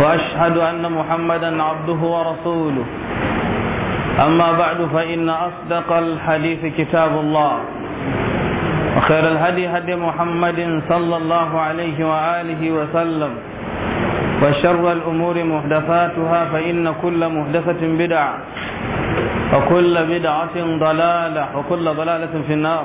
واشهد ان محمدا عبده ورسوله اما بعد فان اصدق الحديث كتاب الله وخير الهدي هدي محمد صلى الله عليه واله وسلم وشر الامور محدثاتها فان كل محدثه بدعه وكل بدعه ضلاله وكل ضلاله في النار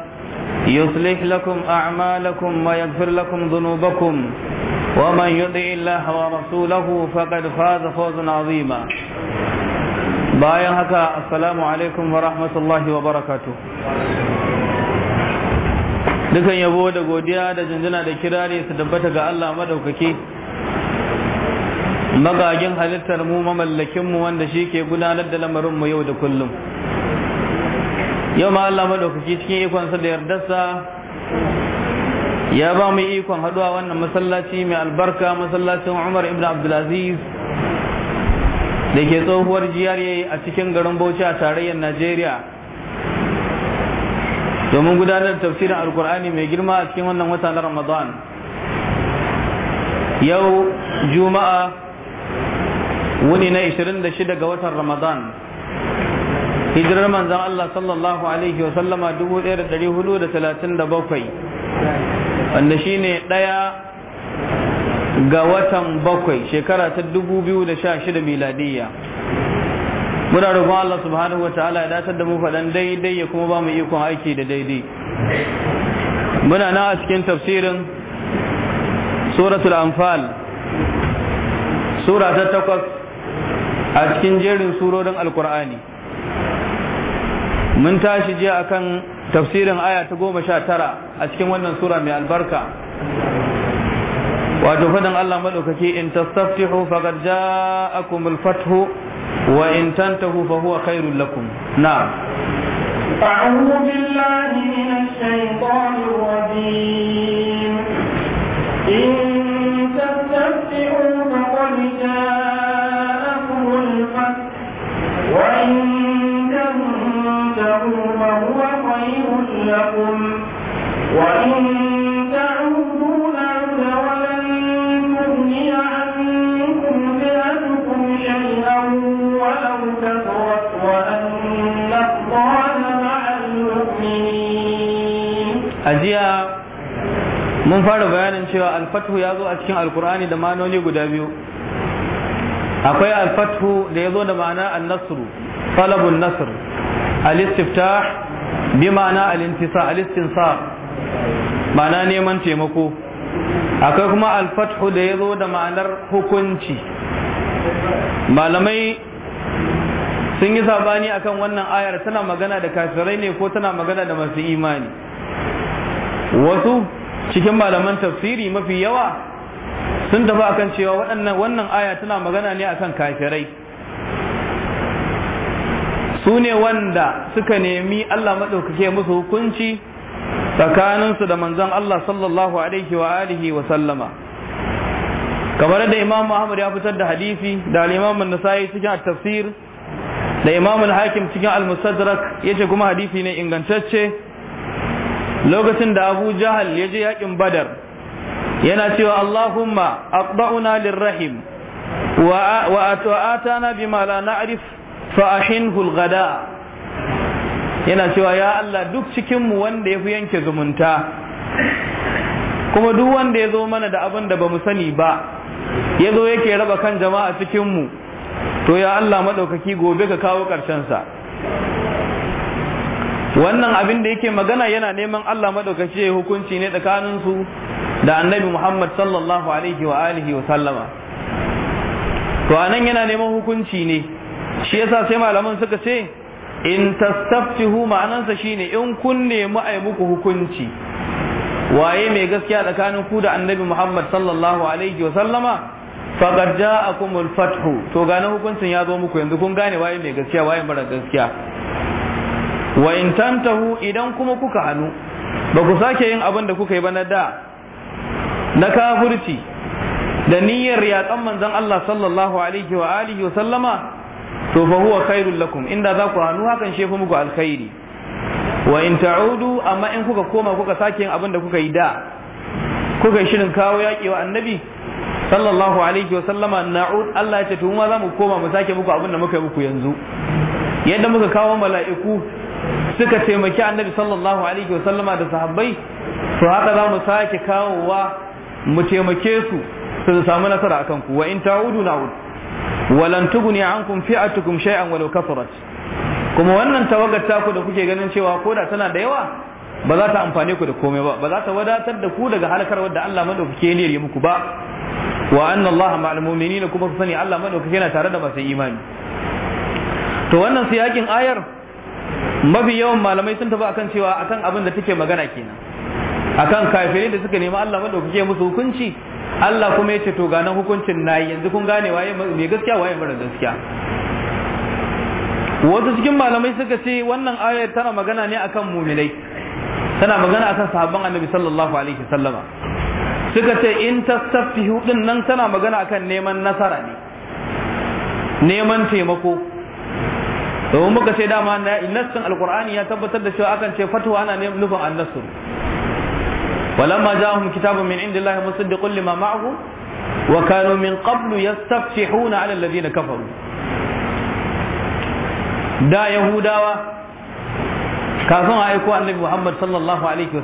يصلح لكم أعمالكم ويغفر لكم ذنوبكم ومن يطع الله ورسوله فقد فاز فوزا عظيما bayan haka assalamu alaikum wa rahmatullahi wa barakatu dukan yabo da godiya da jinjina da kirari su tabbata ga Allah madaukaki magagin halittar mu mamallakin mu wanda shi ke gudanar da lamarin mu yau da kullum yau ma Allah madaukaki cikin ikon sa da yardarsa ya ba mu ikon haduwa wannan masallaci mai albarka masallacin Umar ibn Abdulaziz da ke tsohuwar jiyariya a cikin garin Bauchi a tarayyar Najeriya domin gudanar da tafsirin alkur'ani mai girma a cikin wannan wata na Ramadan yau juma'a wuni na 26 ga watan Ramadan hijirar manzan Allah sallallahu alaihi wasallama 1437 wanda shi ne ɗaya ga watan bakwai shekara ta 2016 miladiyya muna roƙon Allah subhanahu wa ta'ala ya datar da mu faɗan daidai ya kuma ba mu ikon aiki da daidai muna nan a cikin tafsirin suratul anfal sura ta takwas a cikin jerin surorin alkur'ani mun tashi jiya akan tafsirin aya ta goma sha tara a cikin wannan sura mai albarka wato fadin Allah madaukaki in tastaftihu faqad ja'akumul fathu wa in tantahu fa huwa khairul lakum na'am أعوذ له وهو خير لكم وإن mun fara bayanin cewa alfathu ya zo a cikin alkur'ani da manoli guda biyu akwai alfathu da ya zo da ma'ana Nasiru, talabun nasr al-istiftah bi ma'ana al-intisa al ma'ana neman taimako akwai kuma al-fathu da yazo da ma'anar hukunci malamai sun yi sabani akan wannan ayar tana magana da kafirai ne ko tana magana da masu imani wasu cikin malaman tafsiri mafi yawa sun tafi akan cewa wannan ayar tana magana ne akan kafirai su ne wanda suka nemi Allah maɗaukake musu hukunci tsakaninsu da manzon Allah sallallahu alaihi wa alihi wa sallama kamar da Imam Ahmad ya fitar da hadisi da Imam An-Nasa'i cikin at-tafsir da Imam Al-Hakim cikin Al-Mustadrak yace kuma hadisi ne ingantacce lokacin da Abu Jahal ya je yakin Badar yana cewa Allahumma aqda'una lirrahim wa wa atana bima la na'rif fa'ahinhu al yana cewa ya Allah duk cikinmu mu wanda yafi yanke zumunta kuma duk wanda ya zo mana da abin da bamu sani ba ya zo yake raba kan jama'a cikinmu mu to ya Allah madaukaki gobe ka kawo karshen sa wannan abin da yake magana yana neman Allah madaukaki ya hukunci ne tsakanin da annabi Muhammad sallallahu alaihi wa alihi wa sallama to anan yana neman hukunci ne shi yasa sai malaman suka ce in tastaftihu ma'anansa shine in kun nemi ai muku hukunci waye mai gaskiya tsakanin ku da annabi Muhammad sallallahu alaihi Wasallama? sallama faqad ja'akumul fathu to gane hukuncin ya zo muku yanzu kun gane waye mai gaskiya waye mara gaskiya wa in tantahu idan kuma kuka hannu ba ku sake yin abin da kuka yi ba na da na kafirci da niyyar ya manzon Allah sallallahu alaihi wa alihi wa sallama to fa huwa khairul lakum inda za ku hannu hakan shefu muku alkhairi wa in ta'udu amma in kuka koma kuka sake yin abin da kuka yi da kuka yi shirin kawo yaƙi wa annabi sallallahu alaihi wa sallama na'ud Allah ya ce to mu za mu koma mu sake muku abin da muka yi muku yanzu yadda muka kawo mala'iku suka taimaki annabi sallallahu alaihi wa sallama da sahabbai to haka za mu sake kawowa mu taimake su su samu nasara akan ku wa in ta'udu na'ud walan tuguni ankum fi'atukum shay'an walau kafarat kuma wannan tawagar taku da kuke ganin cewa koda tana da yawa ba za ta amfane ku da komai ba ba za ta wadatar da ku daga halakar wadda Allah madaukake ne ya muku ba wa anna Allah ma'al mu'minina kuma ku sani Allah madaukake yana tare da masu imani to wannan yakin ayar mafi yawan malamai sun tafi akan cewa akan abin da take magana kenan akan kafirin da suka nemi Allah madaukake musu hukunci Allah kuma yace to ga nan hukuncin nayi yanzu kun gane waye mai gaskiya waye mara gaskiya wasu cikin malamai suka ce wannan ayar tana magana ne akan muminai tana magana akan sahabban annabi sallallahu alaihi wasallama suka ce in tastaftihu din nan tana magana akan neman nasara ne neman taimako domin muka ce dama nassin alqur'ani ya tabbatar da cewa akan ce fatuwa ana nufin annasu ولما جاءهم كتاب من عند الله مصدق لما معهم وكانوا من قبل يستفتحون على الذين كفروا دا يهوداوا kafin a aiko annabi Muhammad sallallahu alaihi wa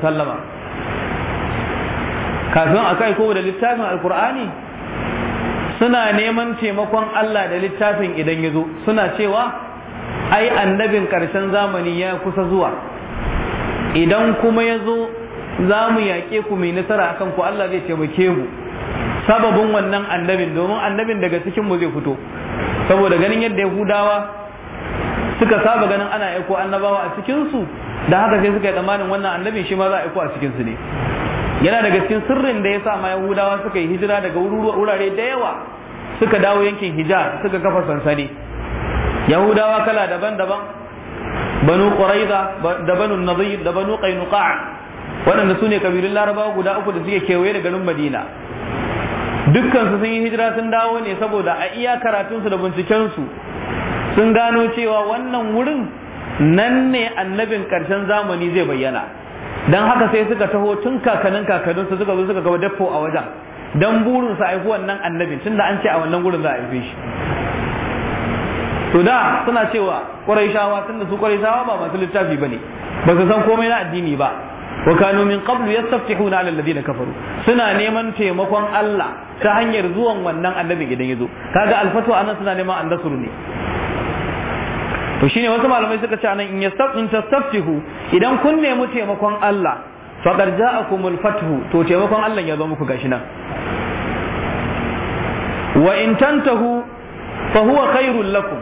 kafin a aiko da littafin alkur'ani suna neman taimakon Allah da littafin idan ya zo suna cewa ai annabin ƙarshen zamani ya kusa zuwa idan kuma ya zo za mu yaƙe ku mai nasara a kanku. Allah zai taimake mu sababin wannan annabin domin annabin daga cikin mu zai fito saboda ganin yadda yahudawa suka saba ganin ana aiko annabawa a cikin da haka sai suka yi tsammanin wannan annabin shi ma za a aiko a cikin ne yana daga cikin sirrin da ya sa ma yahudawa suka yi hijira daga wurare da yawa suka dawo yankin hijar suka kafa sansani yahudawa kala daban-daban banu quraiza da banu nadir da banu qainuqa waɗanda su ne kabilun larabawa guda uku da suke kewaye da garin madina dukkansu sun yi hijira sun dawo ne saboda a iya karatunsu da bincikensu sun gano cewa wannan wurin nan ne annabin ƙarshen zamani zai bayyana don haka sai suka taho tun kakannin su suka zo suka gaba dafo a wajen don burinsu aiki wannan annabin tunda an ce a wannan wurin za a haife shi to da suna cewa ƙwarai shawa da su ƙwarai shawa ba masu littafi ba ne ba su san komai na addini ba wa kanu min qablu yastaftihuna ala alladhina kafaru suna neman taimakon Allah ta hanyar zuwan wannan annabi idan yazo kaga alfatu anan suna neman annasur ne to shine wasu malamai suka ce anan in yastafin tastaftihu idan kun nemi taimakon Allah fa faqad ja'akumul fathu to taimakon Allah ya zo muku gashi nan wa in tantahu fa huwa khairul lakum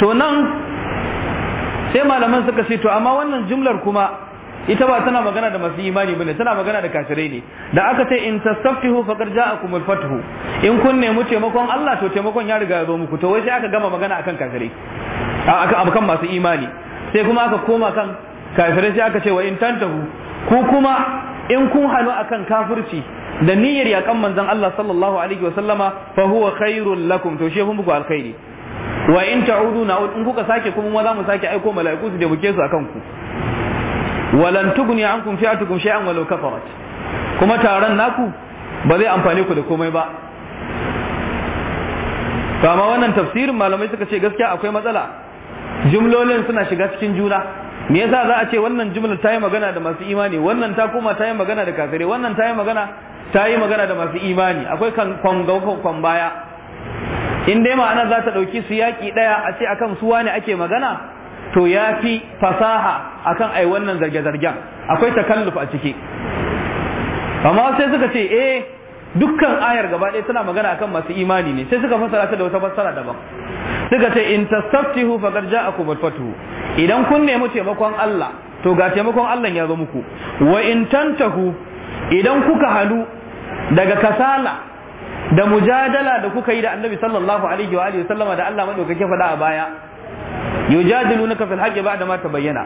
to nan sai malaman suka ce to amma wannan jumlar kuma ita ba tana magana da masu imani bane tana magana da kafirai ne da aka ce in tasaffihu faqad ja'akum al-fathu in kun nemi taimakon Allah to taimakon ya riga ya zo muku to wai sai aka gama magana akan kafirai akan abukan masu imani sai kuma aka koma kan kafirai sai aka ce wa in tantahu ku kuma in kun hanu akan kafirci da niyyar yakan manzon Allah sallallahu alaihi wa sallama fa huwa khairul lakum to shehu muku alkhairi wa in ta'udu na'ud in kuka sake kuma za mu sake aiko mala'iku su da muke su akan ku walan tugni ankum fi'atukum shay'an walau kafarat kuma taron naku ba zai amfani ku da komai ba Kama wannan tafsirin malamai suka ce gaskiya akwai matsala jumlolin suna shiga cikin juna me yasa za a ce wannan jumla ta yi magana da masu imani wannan ta koma ta yi magana da kafirai wannan ta yi magana ta yi magana da masu imani akwai kan baya in dai ma'ana za ta ɗauki su yaƙi ɗaya a ce akan suwa ne ake magana to ya fi fasaha akan ai wannan zarge-zargen akwai takalluf a ciki amma sai suka ce eh dukkan ayar gaba ɗaya tana magana akan masu imani ne sai suka fassara ta da wata fassara daban suka ce in tastaftihu ja ja'akum al-fatuhu idan kun nemi taimakon Allah to ga taimakon Allah ya zo muku wa in tantahu idan kuka halu daga kasala da mujadala da kuka yi da Annabi sallallahu alaihi wa alihi sallama da Allah madaukake faɗa a baya yujadilunaka fil haqqi ba'da ma tabayyana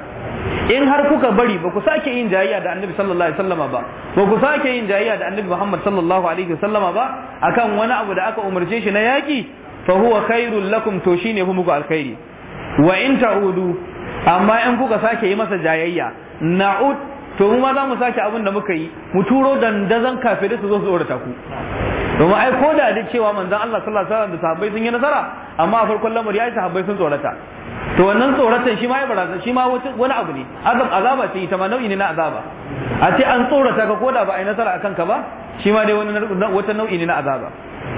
in har kuka bari ba ku sake yin jayayya da annabi sallallahu alaihi wasallama ba ba ku sake yin jayayya da annabi muhammad sallallahu alaihi wasallama ba akan wani abu da aka umarce shi na yaki fa huwa khairul lakum to shine hu muku alkhairi wa in ta'udu amma in kuka sake yi masa jayayya na'ud to mu ma za mu sake abin da muka yi mu turo dandazon kafirai su zo su tsorata ku domin ai ko da da cewa manzon Allah sallallahu alaihi wasallam da sahabbai sun yi nasara amma a farkon lamari ai sahabbai sun tsorata to wannan tsoratan shi ma ya barazana shi ma wani abu ne azab azaba ce ita ma nau'i ne na azaba a ce an tsorata ka koda ba a yi nasara akan ka ba shi ma dai wani wata nau'i ne na azaba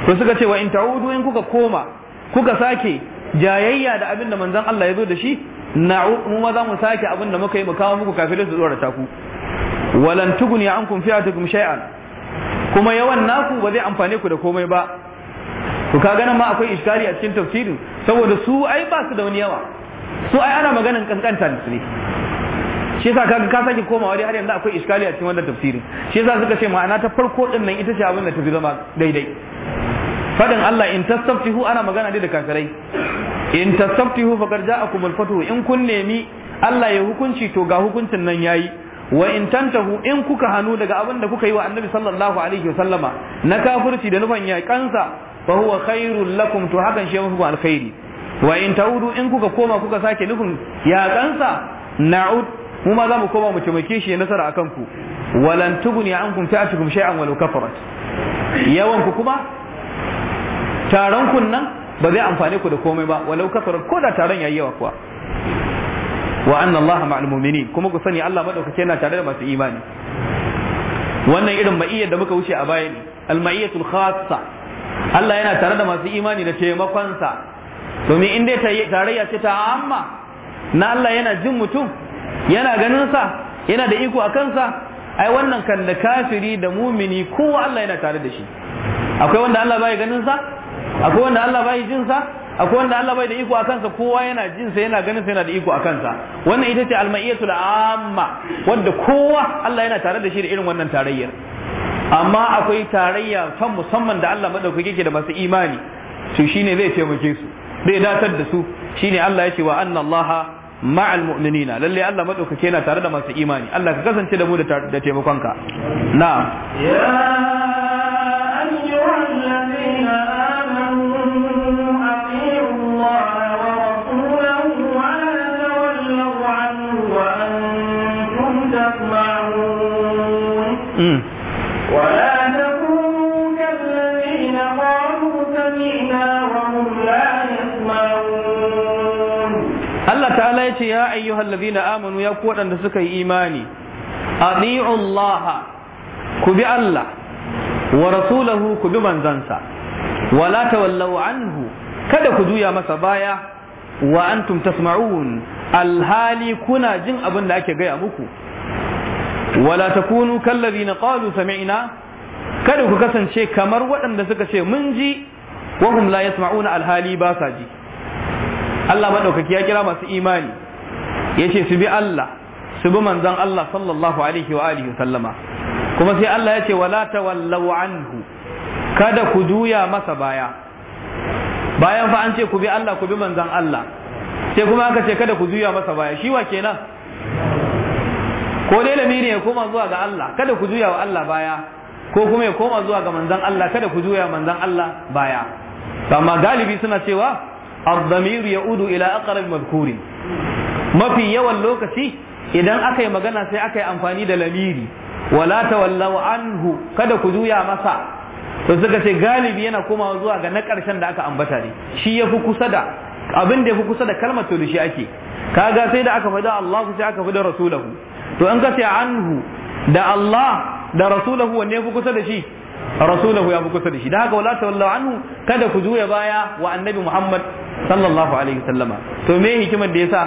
to suka ce wa in ta'udu in kuka koma kuka sake jayayya da abin da manzon Allah ya zo da shi na'u mu ma za mu sake abin da muka yi mu kawo muku kafirai su tsorata ku walan tuguni ankum fi'atukum shay'an kuma yawan naku ba zai amfane ku da komai ba Ku ka ganin ma akwai iskari a cikin tafsirin saboda su ai ba su da wani yawa su ai ana maganan kankanta su ne shi yasa kaga ka sake komawa dai har yanzu akwai iskali a cikin wannan tafsirin shi yasa suka ce ma'ana ta farko din nan ita ce abin da ta fi zama daidai fadin Allah in tastaftihu ana magana dai da kakarai. in tastaftihu faqad ja'akum al-fatu in kun nemi Allah ya hukunci to ga hukuncin nan yayi wa in tantahu in kuka hannu daga abin da kuka yi wa annabi sallallahu alaihi wasallama na kafirci da nufan yaƙansa fa huwa khairul lakum to hakan shi mafi alkhairi wa in taudu in kuka koma kuka sake nufin kansa? na'ud mu ma za mu koma mu taimake shi nasara a kanku walan tuguni ankum fi'atukum shay'an walau kafarat yawan ku kuma taron kun nan ba zai amfane ku da komai ba walau kafarat ko da taron yayi yawa kuwa wa anna allaha ma'al mu'minin kuma ku sani Allah madaukake yana tare da masu imani wannan irin ma'iyyar da muka wuce a baya ne al ma'iyyatul khassa Allah yana tare da masu imani da taimakonsa domin in dai tarayya ce ta amma na Allah yana jin mutum yana ganin sa yana da iko a kansa ai wannan kan da kafiri da mumini kowa Allah yana tare da shi akwai wanda Allah bai ganin sa akwai wanda Allah bai jin sa akwai wanda Allah bai da iko a kansa kowa yana jin sa yana ganin sa yana da iko a kansa wannan ita ce almaiyatul amma wanda kowa Allah yana tare da shi da irin wannan tarayyar amma akwai tarayya ta musamman da Allah madaukake ke da masu imani to shine zai taimake su zai datar da su shine Allah ya ce wa anna Allah ma'al mu'minina lalle Allah madaukake yana tare da masu imani Allah ka kasance da mu da taimakonka na'am ya Mm. Allah ya ce ya ayyuhal ladina amanu ya ku waɗanda suka yi imani adi'u Allah ku bi Allah wa rasulahu ku bi manzansa wa la tawallau anhu kada ku juya masa baya wa antum tasma'un alhali kuna jin abin da ake gaya muku wala takunu kallazina qalu sami'na kada ku kasance kamar waɗanda suka ce mun ji wa hum la yasma'una alhali ba sa ji Allah maɗaukaki ya kira masu imani ya ce su bi Allah su bi manzan Allah sallallahu alaihi wa alihi sallama kuma sai Allah ya ce wala tawallaw anhu kada ku juya masa baya bayan fa an ce ku bi Allah ku bi manzan Allah sai kuma aka ce kada ku juya masa baya shi wa kenan ko dai lamiri ya koma zuwa ga Allah kada ku juya wa Allah baya ko kuma ya koma zuwa ga manzan Allah kada ku juya manzan Allah baya amma galibi suna cewa الضمير ya udu ila مذكور ما Mafi yawan lokaci idan aka yi magana sai aka yi amfani da lamiri wala tawallau anhu kada ku juya masa to suka ce galibi yana komawa zuwa ga na ƙarshen da aka ambata ne shi ya fi kusa da abin da ya fi kusa da kalmar to da shi ake kaga sai da aka fada Allah sai aka fada rasulahu to in ka ce anhu da Allah da rasulahu wanne ya fi kusa da shi rasulahu ya fi kusa da shi da haka wala tawallahu anhu kada ku juya baya wa annabi Muhammad sallallahu alaihi wasallama to me hikimar da yasa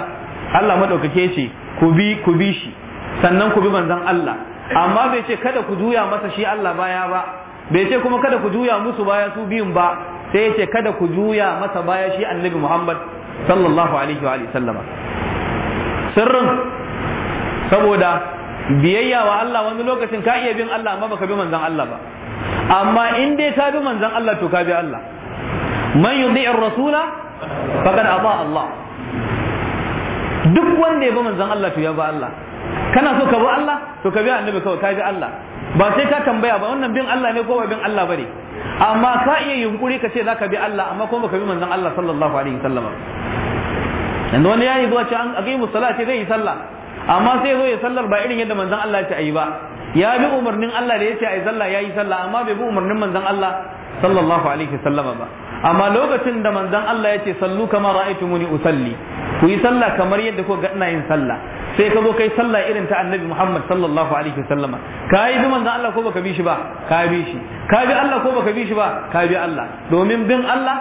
Allah madaukake ce ku bi ku bi shi sannan ku bi manzon Allah amma bai ce kada ku juya masa shi Allah baya ba bai ce kuma kada ku juya musu baya su biyun ba sai yace kada ku juya masa baya shi annabi Muhammad sallallahu alaihi wa sallama sirrin saboda biyayya wa Allah wani lokacin ka iya bin Allah amma baka bi manzon Allah ba amma in dai ka bi manzon Allah to ka bi Allah man yuti'ir rasula faqad ata Allah duk wanda ya bi manzon Allah to ya bi Allah kana so ka bi Allah to ka bi annabi kawai ka bi Allah ba sai ka tambaya ba wannan bin Allah ne ko ba bin Allah bane amma ka iya yunkuri ka ce zaka bi Allah amma kuma baka bi manzon Allah sallallahu alaihi wasallam yanzu wani yayi zuwa ce an aqimu salati zai yi sallah amma sai zo ya sallar ba irin yadda manzon Allah ya ce ayi ba ya bi umarnin Allah da ya ce ai sallah yayi sallah amma bai bi umarnin manzon Allah sallallahu alaihi wasallama ba amma lokacin da manzon Allah ya ce sallu kama ra'aytumuni usalli ku yi sallah kamar yadda kuka ga ina yin sallah sai ka zo kai sallah irin ta annabi Muhammad sallallahu alaihi wasallama ka yi bi manzon Allah ko baka bi shi ba ka bi shi ka bi Allah ko baka bi shi ba ka bi Allah domin bin Allah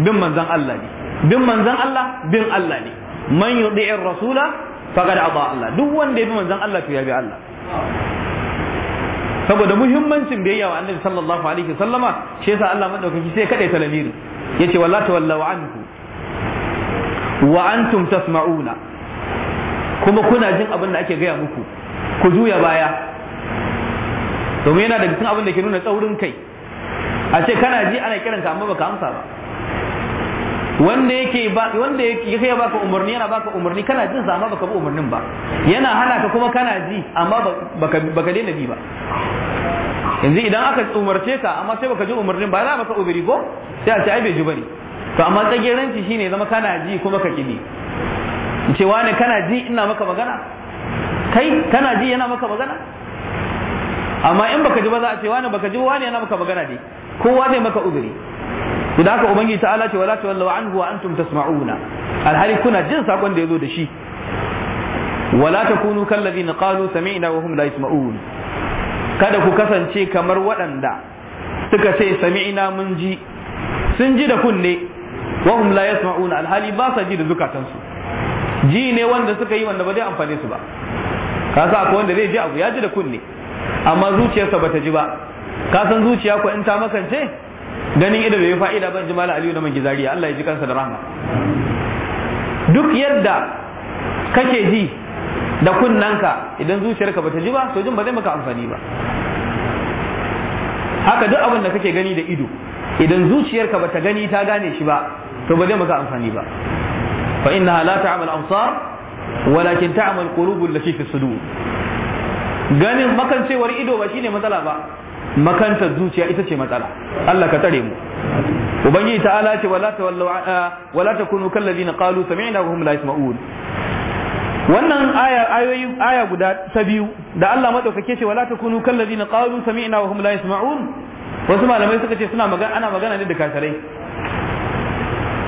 bin manzon Allah ne bin manzon Allah bin Allah ne man yuti'ir rasula faqad ata Allah duk wanda ya bi manzon Allah to ya bi Allah saboda muhimmancin biyayya wa annabi sallallahu alaihi wasallama shi yasa Allah madaukaki sai kada ta lamiru yace walla tawallaw anhu wa antum tasma'una kuma kuna jin abin da ake gaya muku ku juya baya domin yana daga cikin abin da ke nuna tsaurin kai a ce kana ji ana kiranka amma baka amsa ba wanda yake ba wanda yake ya baka umarni yana baka umarni kana jin zama baka bi umarnin ba yana hana ka kuma kana ji amma baka baka daina bi ba yanzu idan aka umarce ka amma sai baka ji umarnin ba za maka ubiri ko sai a ce ai bai ji bane to amma tsageranci shine zama kana ji kuma ka kibi ce wani kana ji ina maka magana kai kana ji yana maka magana amma in baka ji ba za a ce wani baka ji wani yana maka magana dai kowa zai maka ubiri to da haka ubangiji ta'ala ce wala tawallu anhu wa antum tasma'una alhali kuna jin sakon da yazo da shi wala takunu kallazina qalu sami'na wa hum la yasma'un kada ku kasance kamar waɗanda suka ce sami'na mun ji sun ji da kunne wa hum la yasma'una alhali ba sa ji da zukatansu ji ne wanda suka yi wanda ba zai amfane su ba ka sa akwai wanda zai ji abu ya ji da kunne amma zuciyarsa bata ji ba ka san zuciya ko in ta makance ganin ido bai fa'ida ban jimala aliyu da Manki zariya Allah ya ji kansa da rahma duk yadda kake ji da kunnanka idan zuciyarka bata ji ba to jin ba zai maka amfani ba haka duk abin da kake gani da ido idan zuciyarka bata gani ta gane shi ba to ba zai maka amfani ba fa innaha la ta'mal absar walakin ta'mal qulubul lati fi sudur ganin makancewar ido ba shine matsala ba makantar zuciya ita ce matsala Allah ka tare mu ubangiji ta'ala ce wala tawallu wala takunu kal ladina qalu sami'na wa hum la yasma'un wannan aya ayoyi aya guda ta biyu da Allah madaukake ce wala takunu kal ladina qalu sami'na wa hum la yasma'un wasu malamai suka ce suna magana ana magana ne da kafirai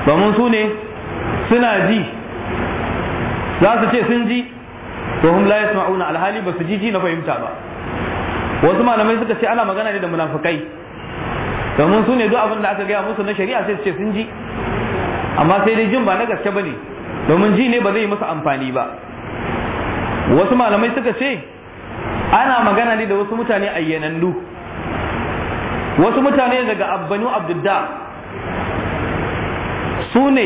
domin su ne suna ji za su ce sun ji to hum la yasma'una alhali ba su ji ji na fahimta ba wasu malamai suka ce ana magana ne da munafukai domin su ne duk abin aka gaya musu na shari'a sai su ce sun ji amma sai dai jin ba na gaske ba ne domin ji ne ba zai yi musu amfani ba wasu malamai suka ce ana magana ne da wasu mutane ayyanannu wasu mutane daga abbanu abdudda su ne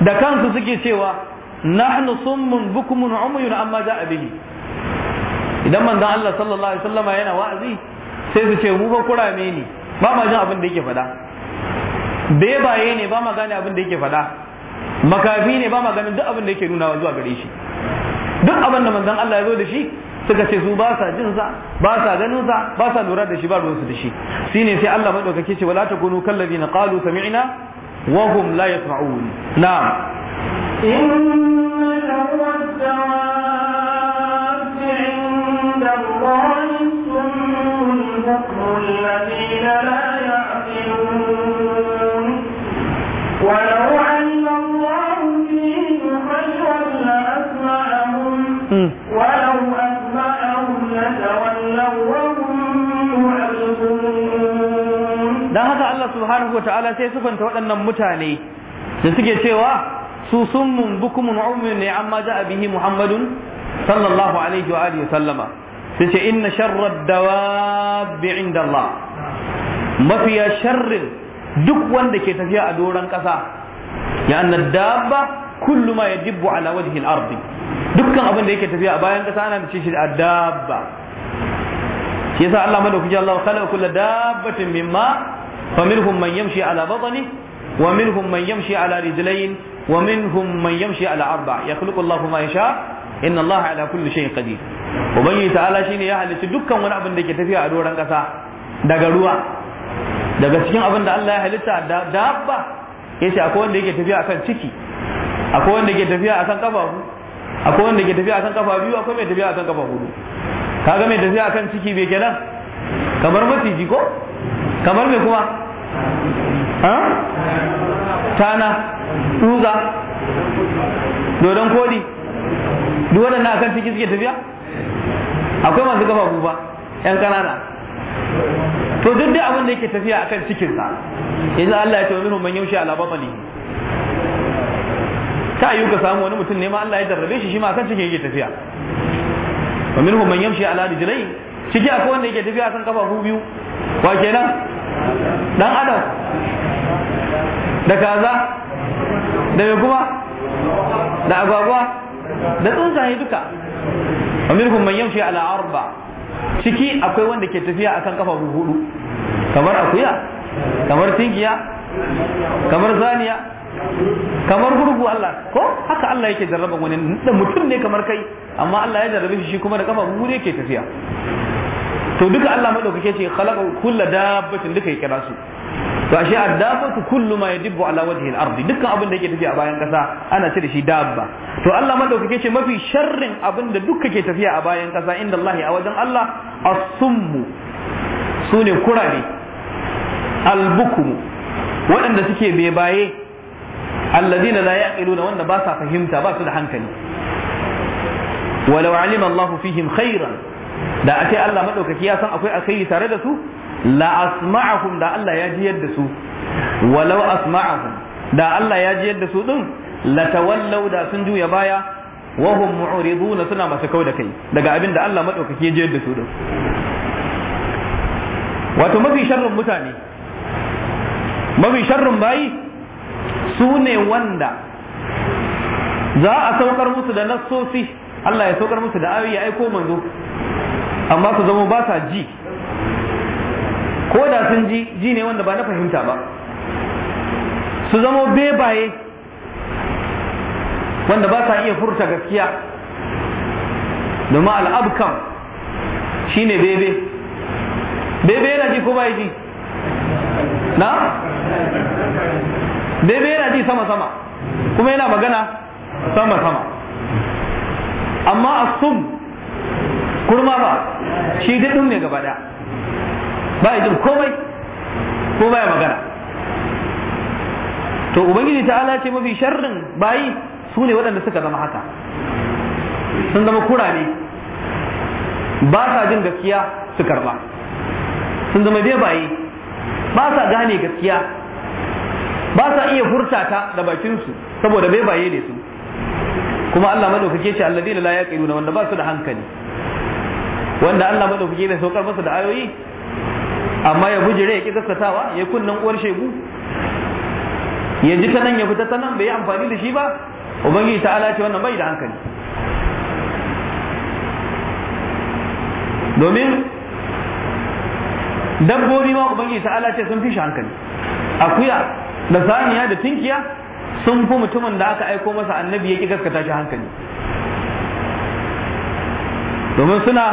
da kansu suke cewa nahnu summun bukumun umuyun amma za a bihi idan manzon Allah sallallahu alaihi wasallama yana wa'azi sai su ce mu ba kurame ne ba ma jin abin da yake faɗa bebaye ne ba ma gane abin da yake faɗa makafi ne ba ma ganin duk abin da yake nuna zuwa gare shi duk abin da manzon Allah ya zo da shi suka ce su ba sa jin sa ba sa ganin sa ba sa lura da shi ba ruwansu da shi shine sai Allah madaukake ce wala takunu kallazina qalu sami'na wa hum la yasma'un na'am إن الأول haka allah wata'ala sai su sufanta waɗannan mutane da suke cewa su sun mun bukumun umar ne amma ja'a bihi muhammadun sallallahu alaihi wa sallama sai ce inna sharrad dawabi inda Allah mafiya sharrin duk wanda ke tafiya a doron ƙasa ya anna dabba kullu ma yadibbu ala wajhi al dukkan abin da yake tafiya a bayan ƙasa ana da shi dabba shi yasa Allah madaukaki Allah khalaqa kullu dabbatin mimma faminhum man yamshi ala batni wa minhum man yamshi ala rijlayn wa minhum man yamshi ala arba yakhluqu Allah ma yasha inna Allah ala kulli shay'in qadir ubangiji ta'ala shine ya halicci dukkan wani abin da ke tafiya a doran kasa daga ruwa daga cikin abin da Allah ya halitta dabba yace akwai wanda yake tafiya akan ciki akwai wanda yake tafiya akan kafafu akwai wanda yake tafiya akan kafa biyu akwai mai tafiya akan kafa hudu kaga mai tafiya akan ciki bai kenan kamar maciji ko kamar mai kuma ha tana tuza dodon kodi duk waɗannan akan ciki suke tafiya akwai masu gaba ba yan kanana to duk da abin da yake tafiya akan cikin sa yanzu Allah ya ce wani man yamshi ala batni ta yi ka samu wani mutum ne ma Allah ya jarrabe shi shi ma akan cikin yake tafiya wa minhum man yamshi ala rijlai ciki akwai wanda yake tafiya akan kafafu biyu wa kenan dan adam da kaza da me kuma da agwagwa da tsuntsaye duka aminkum man yamshi ala ba. ciki akwai wanda ke tafiya akan kafa hudu kamar akuya kamar tinkiya kamar zaniya kamar gurgu Allah ko haka Allah yake jarraba wani da mutum ne kamar kai amma Allah ya jarrabe shi kuma da kafa hudu yake tafiya to duka Allah madaukake ce khalaqa kullu dabbatin duka ya kira su to ashe addabatu kullu ma yadibbu ala wajhi al-ardi dukkan abin da yake tafiya a bayan kasa ana ce da shi dabba to Allah madaukake ce mafi sharrin abin da dukka ke tafiya a bayan kasa inda Allah a wajen Allah as-summu sune kurabe al-bukmu waɗanda suke bebaye alladina la yaqiluna wanda ba sa fahimta ba su da hankali walau alima Allah fihim khairan da a ce Allah madaukaki ya san akwai alkhairi tare da su la asma'ahum da Allah ya ji yadda su walau asma'ahum da Allah ya ji yadda su din la tawallaw da sun juya baya wa hum mu'riduna suna masu kau da kai daga abin da Allah madaukake ya ji yadda su din wato mafi sharrin mutane mafi sharrin bayi su ne wanda za a saukar musu da nassosi Allah ya saukar musu da ayoyi ya aiko manzo amma su zama ba sa ji ko da sun ji ji ne wanda ba na fahimta ba su zamo bebaye wanda ba sa iya furta gaskiya domin al'abkan shi ne bebe bebe yana ji ko ba ji na bebe yana ji sama-sama kuma yana magana sama-sama amma a sun kurma ba shi duk ne gaba ba ya jin komai ko baya magana to ubangiji ta ala ce mafi sharrin bayi su ne waɗanda suka zama haka sun zama kura ne ba sa jin gaskiya su karba sun zama bebaye ba sa gane gaskiya ba sa iya furta ta da bakinsu saboda bebaye ne su kuma Allah madaukake ce alladina la yaqiluna wanda ba su da hankali wanda Allah madaukake ne saukar masa da ayoyi amma ya bujire ya ki gaskatawa ya kunnan uwar shegu ya ji ta nan ya fita ta nan bai yi amfani da shi ba ubangiji ta ce wannan bai da hankali domin dabbobi ma ubangiji ta ce sun fi shi hankali akuya da saniya da tinkiya sun fi mutumin da aka aiko masa annabi ya ki gaskata shi hankali domin suna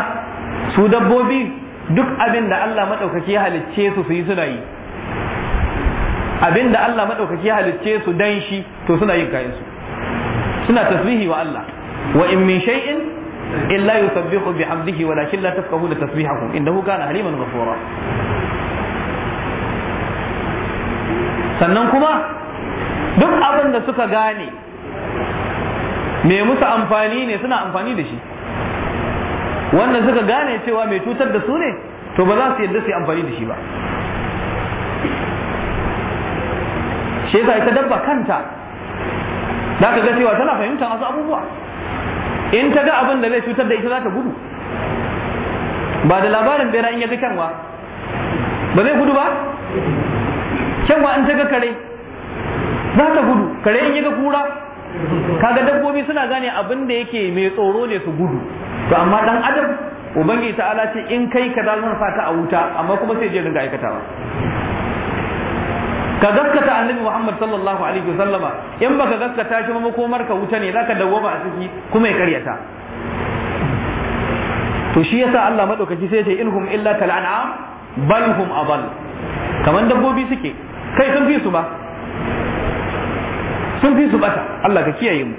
su dabbobi duk abin da Allah maɗaukaki ya halicce su su yi suna yi abin da Allah maɗaukaki ya halicce su dan shi to suna yin kayan su suna tasbihi wa Allah wa in min shay'in illa yusabbihu bihamdihi walakin la tafqahuna tasbihakum innahu kana haliman ghafura sannan kuma duk abin da suka gane me musu amfani ne suna amfani da shi wannan suka gane cewa mai cutar da su ne to ba za su yadda su yi amfani da shi ba shi yasa ita dabba kanta za ka ga cewa tana fahimtar wasu abubuwa in ta ga abin da zai cutar da ita za ta gudu ba da labarin bera in ya ga kyanwa ba zai gudu ba kyanwa in ta ga kare za ta gudu kare in ya ga kura kaga dabbobi suna gane abin da yake mai tsoro ne su gudu to amma dan adam ubangiji ta'ala ce in kai ka zan sa ka a wuta amma kuma sai je dinga aikatawa ka gaskata annabi Muhammad sallallahu alaihi wasallama in baka gaskata shi ba makomar ka wuta ne zaka dawwama a ciki kuma ya karyata to shi yasa Allah madaukaki sai ya ce inhum illa kal an'am bal hum adall kaman dabbobi suke kai sun fi su ba sun fi su bata Allah ka kiyaye mu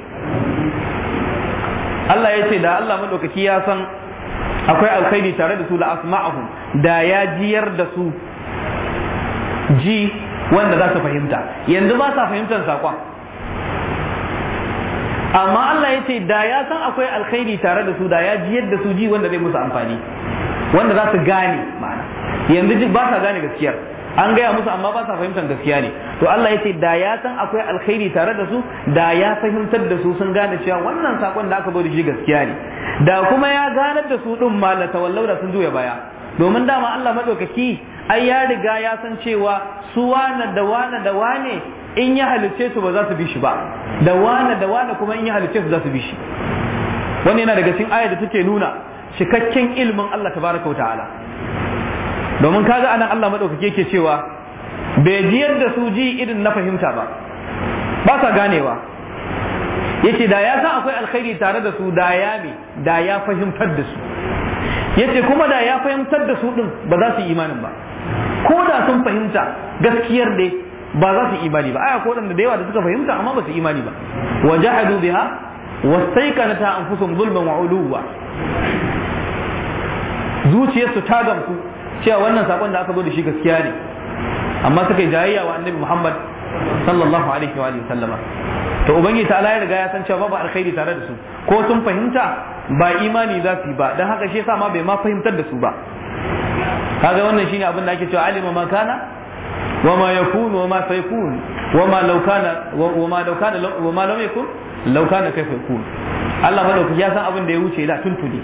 Allah ya ce da Allah madaukaki ya san akwai alkhairi tare da su la asma'ahum da ya jiyar da su ji wanda za su fahimta yanzu ba sa fahimtar saƙon amma Allah ya ce da ya san akwai alkhairi tare da su da ya jiyar da su ji wanda zai musu amfani wanda za su gane ma'ana yanzu ba sa gane gaskiyar an gaya musu amma ba sa fahimtar gaskiya ne to Allah ya ce da ya san akwai alkhairi tare da su da ya fahimtar da su sun gane cewa wannan sakon da aka bari shi gaskiya ne da kuma ya ganar da su din ma la da sun juya baya domin dama Allah madaukaki ai ya riga ya san cewa su wane da wane da wane in ya halicce su ba za su bi shi ba da wane da wane kuma in ya halicce su za su bi shi wannan yana daga cikin aya da take nuna cikakken ilimin Allah tabaraka wa ta'ala domin kaga anan Allah madaukake ke cewa bai ji yadda su ji irin na fahimta ba ba sa ganewa yace da ya san akwai alkhairi tare da su da ya me da ya fahimtar da su yace kuma da ya fahimtar da su din ba za su yi imanin ba ko da sun fahimta gaskiyar ne ba za su imani ba aya ko da yawa da suka fahimta amma ba su imani ba wajahadu biha wastaiqanata anfusum zulman wa uluwa zuciyarsu ta gamsu cewa wannan sakon da aka zo da shi gaskiya ne amma suka yi jayayya wa annabi Muhammad sallallahu alaihi wa sallama to ubangiji ta ya riga ya san cewa babu alkhairi tare da su ko sun fahimta ba imani za su yi ba dan haka shi yasa ma bai ma fahimtar da su ba kaga wannan shine abin da ake cewa alima ma kana wa ma yakun wa ma sayakun wa ma law kana wa ma law kana wa ma lam yakun law kana kayfa yakun Allah madaukaki ya san abin da ya wuce da tuntuni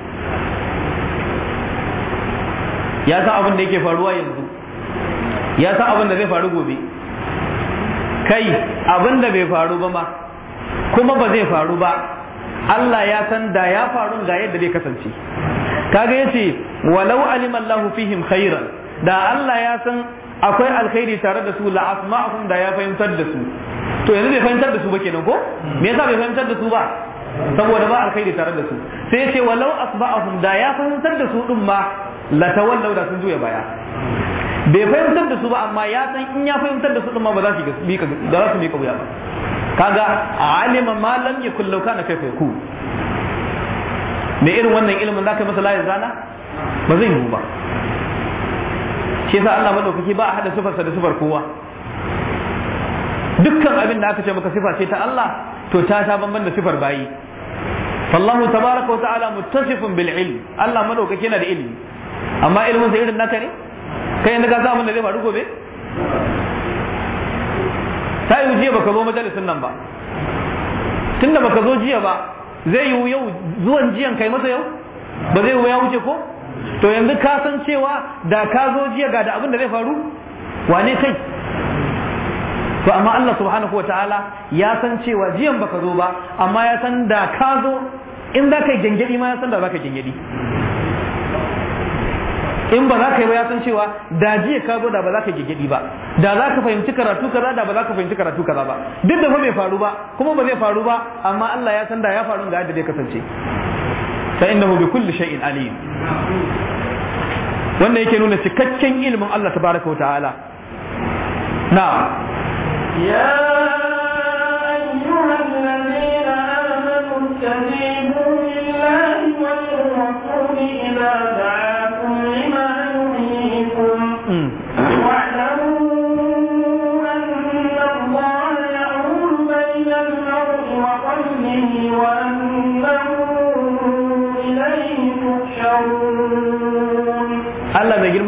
ya san abin da yake faruwa yanzu ya san abin da zai faru gobe kai abin da bai faru ba ma kuma ba zai faru ba Allah ya san da ya faru ga yadda zai kasance kaga yace walau alima Allahu fihim khairan da Allah ya san akwai alkhairi tare da su la asma'ahum da ya fahimtar da su to yanzu bai fahimtar da su ba kenan ko me yasa bai fahimtar da su ba saboda ba alkhairi tare da su sai yace walau asma'ahum da ya fahimtar da su din ma latawallaw da sun juya baya bai fahimtar da su ba amma ya san in ya fahimtar da su din ma ba za su ka da za su ka buya ba kaga alima ma lam yakul law kana kaifa yaku me irin wannan ilimin zaka masa layin zana ba zai yiwu ba shi yasa Allah madaukaki ba a hada sa da sifar kowa dukkan abin da aka ce maka sifa ce ta Allah to ta ta banban da sifar bayi فالله تبارك وتعالى متصف بالعلم الله ملوك كنا العلم amma ilimin sai irin naka ne kai yanzu ka sa abin da zai faru gobe ta yi jiya baka zo majalisin nan ba tunda baka zo jiya ba zai yi yau zuwan jiyan kai masa yau ba zai ya wuce ko to yanzu ka san cewa da ka zo jiya ga da abin da zai faru wane kai to amma Allah subhanahu wa ta'ala ya san cewa jiyan baka zo ba amma ya san da ka zo in za ka yi jangyaɗi ma ya san da za ka yi in ba za ka yi ba ya san cewa da jiya ka zo da ba za ka gigidi ba da za ka fahimci karatu kaza da ba za ka fahimci karatu kaza ba duk da fa bai faru ba kuma ba zai faru ba amma Allah ya san da ya faru ga yadda zai kasance fa innahu bi kulli shay'in alim wannan yake nuna cikakken ilimin Allah tabaraka wa ta'ala na'am ya ayyuhal ladina amanu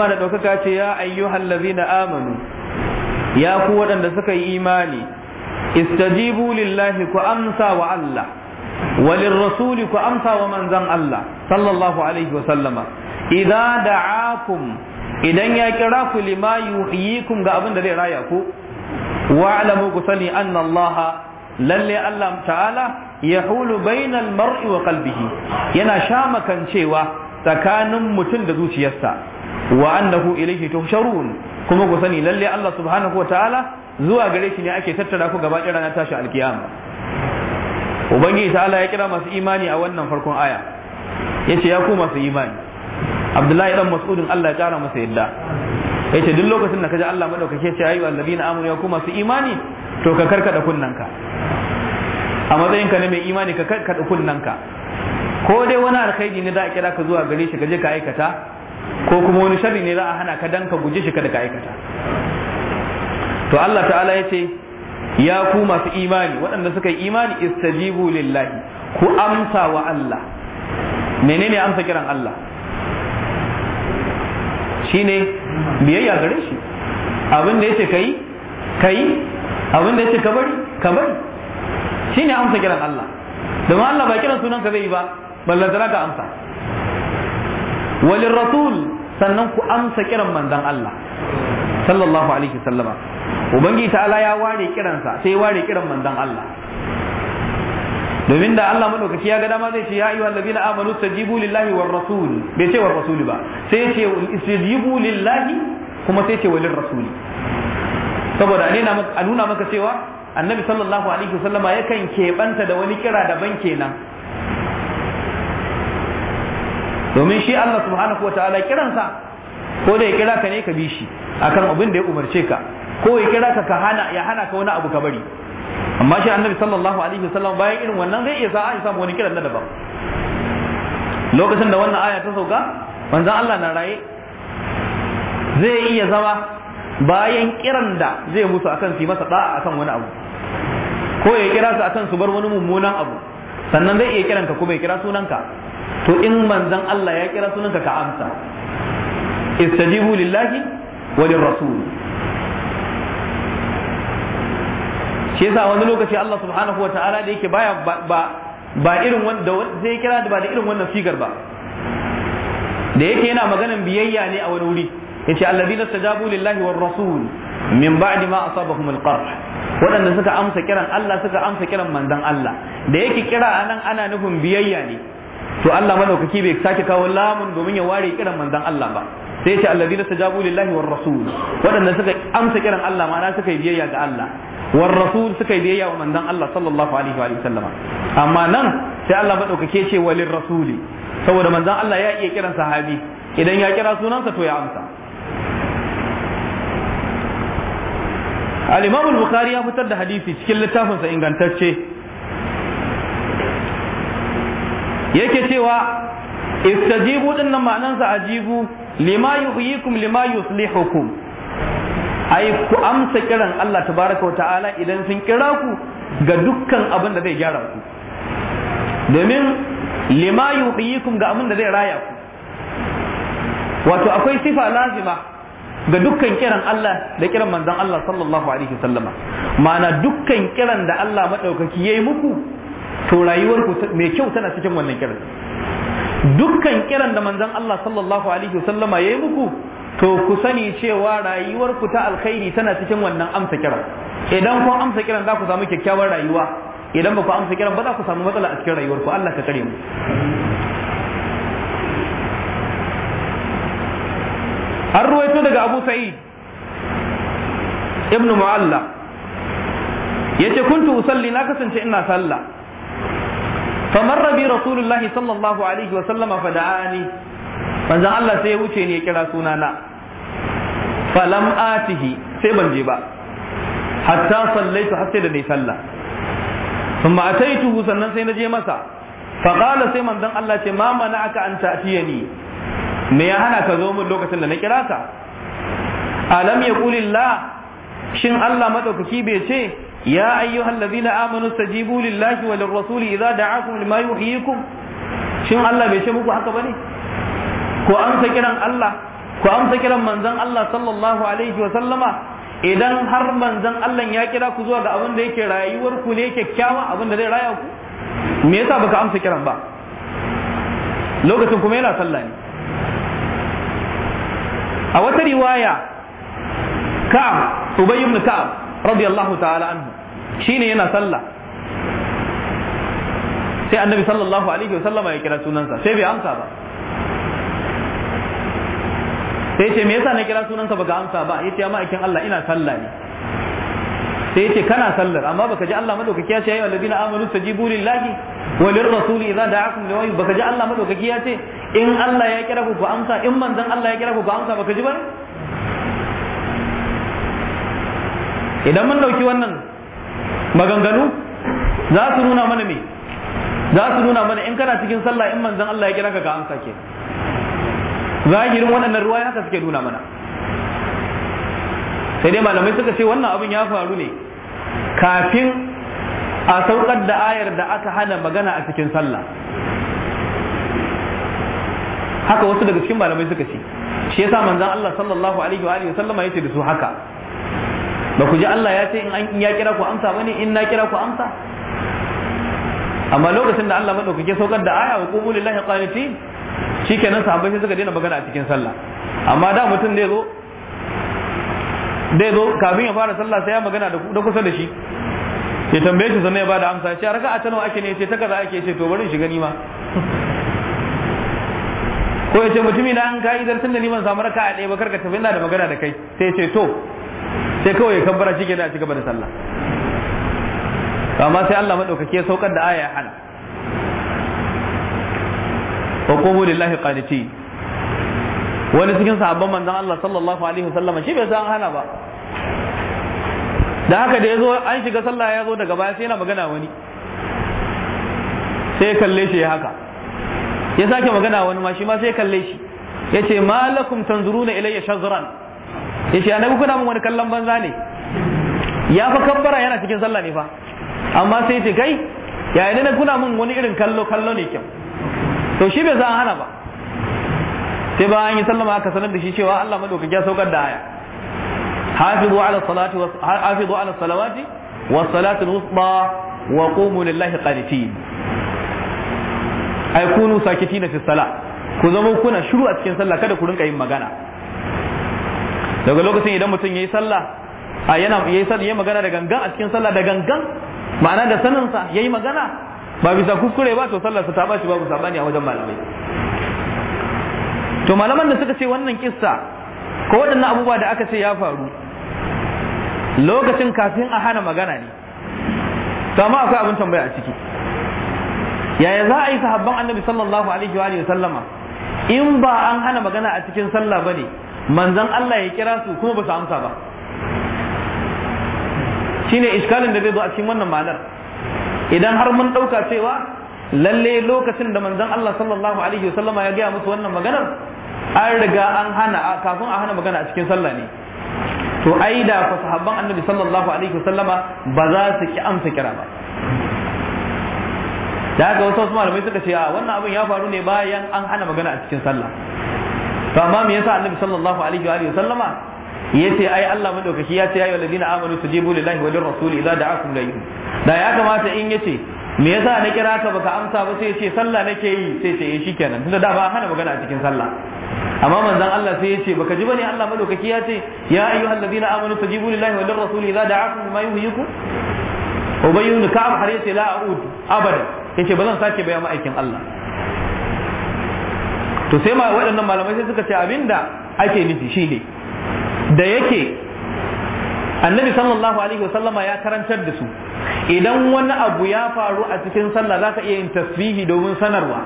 girma da ɗaukaka ce ya ayyuhal na amanu ya ku waɗanda suka yi imani istajibu lillahi ku amsa wa Allah walin rasuli ku amsa wa manzan Allah sallallahu alaihi wa sallama idan da'akum idan ya kira ku lima yuhyikum ga abin da zai raya ku wa alamu ku sani anna Allah lalle Allah ta'ala yahulu bainal mar'i wa qalbihi yana shamakancewa tsakanin mutum da zuciyarsa wa annahu ilayhi tuhsharun kuma ku sani lalle Allah subhanahu wa ta'ala zuwa gare shi ne ake tattara ku gaba ɗaya ranar tashi alkiyama ubangiji ta'ala ya kira masu imani a wannan farkon aya yace ya ku masu imani abdullahi dan mas'udin Allah ya kara masa yadda yace duk lokacin da kaji Allah madaukake ce ayu alladina amanu ya ku masu imani to ka karkada kunnanka a matsayin ka na mai imani ka karkada kunnanka ko dai wani alkhairi ne da a kira ka zuwa gare shi gaje ka aikata ko kuma wani sharri ne za a hana ka dan ka guje shi kada ka aikata to Allah ta'ala ya ce ya ku masu imani waɗanda suka yi imani istajibu lillahi ku amsa wa Allah menene amsa kiran Allah shine biyayya gare shi abin da yace kai kai abin da yace ka bari ka bari shine amsa kiran Allah domin Allah ba kiran sunan ka zai yi ba balla ka amsa walin rasul sannan ku amsa kiran manzan Allah sallallahu alaihi sallama ubangi ta'ala ya ware kiransa sai ware kiran manzan Allah domin da Allah madaukaki ya ga dama zai ce ya ayyuhal ladina amanu tajibu lillahi war rasul bai ce war rasul ba sai ce istajibu lillahi kuma sai ce walin rasul saboda a nuna maka cewa annabi sallallahu alaihi wasallama yakan keɓanta da wani kira daban kenan domin shi Allah subhanahu wataala kiransa ko da ya kira ka ne ka bi shi akan abin da ya umarce ka ko ya kira ka ka hana ya hana ka wani abu ka bari amma shi annabi sallallahu alaihi wasallam bayan irin wannan zai iya sa isa wani kiran na daban lokacin da wannan aya ta sauka manzon Allah na raye zai iya zama bayan kiran da zai musu akan su masa da'a akan wani abu ko ya kira su akan su bar wani mummunan abu sannan zai iya kiranka kuma ya kira sunanka to in manzan Allah ya kira sunanka ka amsa istajibu lillahi wa lirrasul shi yasa wani lokaci Allah subhanahu wa da yake baya ba ba irin wanda zai kira da ba da irin wannan sigar ba da yake yana maganan biyayya ne a wani wuri yace alladhina istajabu lillahi war rasul min ba'di ma asabahum al-qarh waɗanda suka amsa kiran Allah suka amsa kiran manzon Allah da yake kira anan ana nufin biyayya ne to Allah madaukaki bai sake kawo lamun domin ya ware kiran manzon Allah ba sai ce alladina tajabu lillahi war rasul wadanda suka amsa kiran Allah ma'ana suka yi biyayya ga Allah war rasul suka yi biyayya wa manzon Allah sallallahu alaihi wa sallama amma nan sai Allah madaukake ce walir rasuli saboda manzon Allah ya iya kiran sahabi idan ya kira sunansa to ya amsa al-imam al-bukhari ya fitar da hadisi cikin littafinsa ingantacce yake cewa istajibu din nan ma'anansa ajibu lima yuhyikum lima yuslihukum ai ku amsa kiran Allah tabaraka wa ta'ala idan sun kira ku ga dukkan abin da zai gyara ku domin lima yuhyikum ga abin da zai raya ku wato akwai sifa lazima ga dukkan kiran Allah da kiran manzon Allah sallallahu alaihi wasallama ma'ana dukkan kiran da Allah madaukaki yayi muku to rayuwar ku mai kyau tana cikin wannan kiran dukkan kiran da manzon Allah sallallahu alaihi wasallama yayi muku to ku sani cewa rayuwar ku ta alkhairi tana cikin wannan amsa kiran idan kun amsa kiran za ku samu kyakkyawar rayuwa idan ba ku amsa kiran ba za ku samu matsala a cikin rayuwar ku Allah ka kare mu an ruwaito daga Abu Sa'id ibn Mu'alla yace kuntu usalli na kasance ina sallah famar rabi rasulullahi sallallahu alaihi wa sallama fada'ani manzon Allah sai ya wuce ne ya kira sunana falam atihi sai ban je ba hatta sallaitu har sai da nayi sallah thumma tuhu sannan sai na je masa faqala sai manzon Allah ce ma aka an ta'tiyani me ya hana ka zo mun lokacin da na kira ka alam yaqulillah shin Allah madaukaki bai ce يا أيها الذين آمنوا استجيبوا لله وللرسول إذا دعاكم لما يحييكم شن الله بيشمكم حكا بني ku amsa kiran Allah ku amsa kiran manzon Allah sallallahu alaihi wa sallama idan har manzon Allah ya kira ku zuwa ga abin da yake rayuwar ku ne kyakkyawa abin da zai raya ku me yasa baka amsa kiran ba lokacin kuma yana sallah ne a wata riwaya ka'ab ubay ibn ka'ab radiyallahu ta'ala anhu shine yana sallah sai annabi sallallahu alaihi wasallama ya kira sunansa sai bai amsa ba sai ce me yasa na kira sunansa baka amsa ba yace amma aikin Allah ina sallah ne sai yace kana sallar amma baka ji Allah madaukaki ya ce ayyuhal ladina amanu sajibu lillahi wa lirrasuli idza da'akum liwa baka ji Allah madaukaki ya ce in Allah ya kira ku ku amsa in manzon Allah ya kira ku ku amsa baka ji ba idan mun dauki wannan maganganu za su nuna mana me za su nuna mana in kana cikin sallah in manzon Allah ya kira ka ga amsa ke zahirin waɗannan ruwa haka suke nuna mana sai dai malamai suka ce wannan abin ya faru ne kafin a saukar da ayar da aka hana magana a cikin sallah haka wasu daga cikin malamai suka ce shi yasa manzon Allah sallallahu alaihi wa alihi sallama yace da su haka ba ku ji Allah ya ce in an ya kira ku amsa bane in na kira ku amsa amma lokacin da Allah madaukake saukar da aya wa qumu lillahi qanitin shikenan sahabbai sai suka daina magana a cikin sallah amma da mutum ne zo dai zo kafin ya fara sallah sai ya magana da kusa da shi ya tambaye shi sannan ya bada amsa ce raka a nawa ake ne ce ta kaza ake ce to bari shi gani ma ko ya ce mutumi na an kai idar tun da ni samu raka a ɗaya ba karka tafi ina da magana da kai sai ce to sai kawai ya kabbara shi kenan a cigaba da sallah amma sai Allah madaukake ya saukar da aya ya hana wa qumu lillahi qanitin wani cikin sahabban manzon Allah sallallahu alaihi wasallam shi bai san hana ba da haka da yazo an shiga sallah ya zo daga baya sai yana magana wani sai ya kalle shi ya haka ya sake magana wani ma shi ma sai ya kalle shi yace malakum tanzuruna ilayya shazran ya ce annabi kuna mun wani kallon banza ne ya fa kabbara yana cikin sallah ne fa amma sai ce kai ya idan kuna mun wani irin kallo kallo ne kyau to shi bai za hana ba sai ba an yi sallama aka sanar da shi cewa Allah madaukaki ya saukar da aya hafizu ala salati wa hafizu ala salawati wa salati al-wusta wa qumu lillahi qanitin ay kunu sakitina fi salah ku zama kuna shiru a cikin sallah kada ku rinka yin magana daga lokacin idan mutum yayi sallah a yana yayi sallah yayi magana da gangan a cikin sallah da gangan ma'ana da sanin sa yayi magana ba bisa kuskure ba to sallar sa ta bashi babu sabani a wajen malamai to malaman da suka ce wannan kissa ko waɗannan abubuwa da aka ce ya faru lokacin kafin a hana magana ne to amma akwai abin tambaya a ciki yaya za a yi sahabban annabi sallallahu alaihi wa sallama in ba an hana magana a cikin sallah bane manzan Allah ya kira su kuma ba su amsa ba Shi ne iskalin da zai zo a cikin wannan ma'anar idan har mun ɗauka cewa lalle lokacin da manzan Allah sallallahu alaihi wasallama ya gaya musu wannan maganar an riga an hana kafin a hana magana a cikin sallah ne to ai da fa sahabban annabi sallallahu alaihi wasallama ba za su ki amsa kira ba da haka wasu malamai suka ce a wannan abin ya faru ne bayan an hana magana a cikin sallah to amma me yasa annabi sallallahu alaihi wa sallama Ya yace ai Allah madaukaki ya ce ya ayyuhallazina amanu tujibu lillahi wa lirrasuli idza da'akum la da ya kamata in yace me yasa na kira ka baka amsa ba sai ce sallah nake yi sai ce eh shikenan tunda da ba hana magana a cikin sallah amma manzon Allah sai ya ce baka ji bane Allah madaukaki ya ce ya ayyuhal ladina amanu tajibu lillahi wa lirrasuli idza da'akum lima yuhyikum ubay ibn ka'ab har yace la a'ud abada yace ba zan sake bayan ma'aikin Allah to sai ma waɗannan malamai sai suka ce abinda ake nufi ne. da yake annabi sallallahu alaihi wasallama ya karantar da su idan wani abu ya faru a cikin sallah za ka iya yin tasbihi domin sanarwa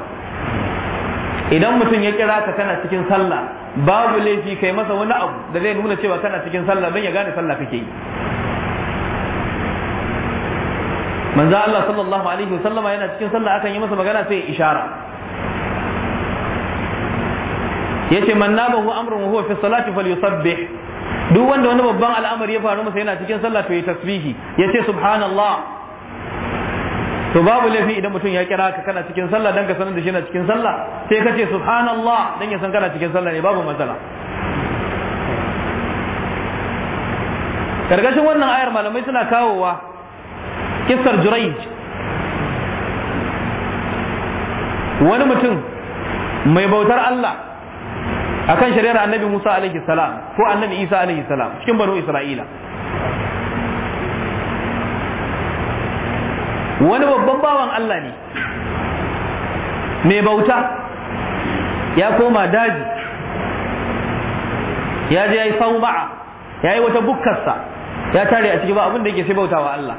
idan mutum ya kira ka kana cikin sallah babu laifi kai masa wani abu da zai nuna cewa kana cikin sallah don ya gane sallah kake yi manzo Allah sallallahu alaihi wasallama yana cikin sallah akan yi masa magana sai ya ishara yace man nabahu amrun wa huwa fi salati falyusabbih duk wanda wani babban al'amari ya faru masa yana cikin sallah to ya tasbihi yace subhanallah to babu laifi idan mutum ya kira ka kana cikin sallah dan ka sanar da shi yana cikin sallah sai ka ce subhanallah dan ya san kana cikin sallah ne babu matsala Gargashin wannan ayar malamai suna kawowa kisar juraij wani mutum mai bautar Allah akan shari'ar annabi Musa alaihi salam ko annabi Isa alaihi salam cikin banu Isra'ila wani babban bawan Allah ne mai bauta ya koma daji ya je ya yi sauma'a ya yi wata bukkarsa ya tare a ciki ba abin da yake sai bautawa Allah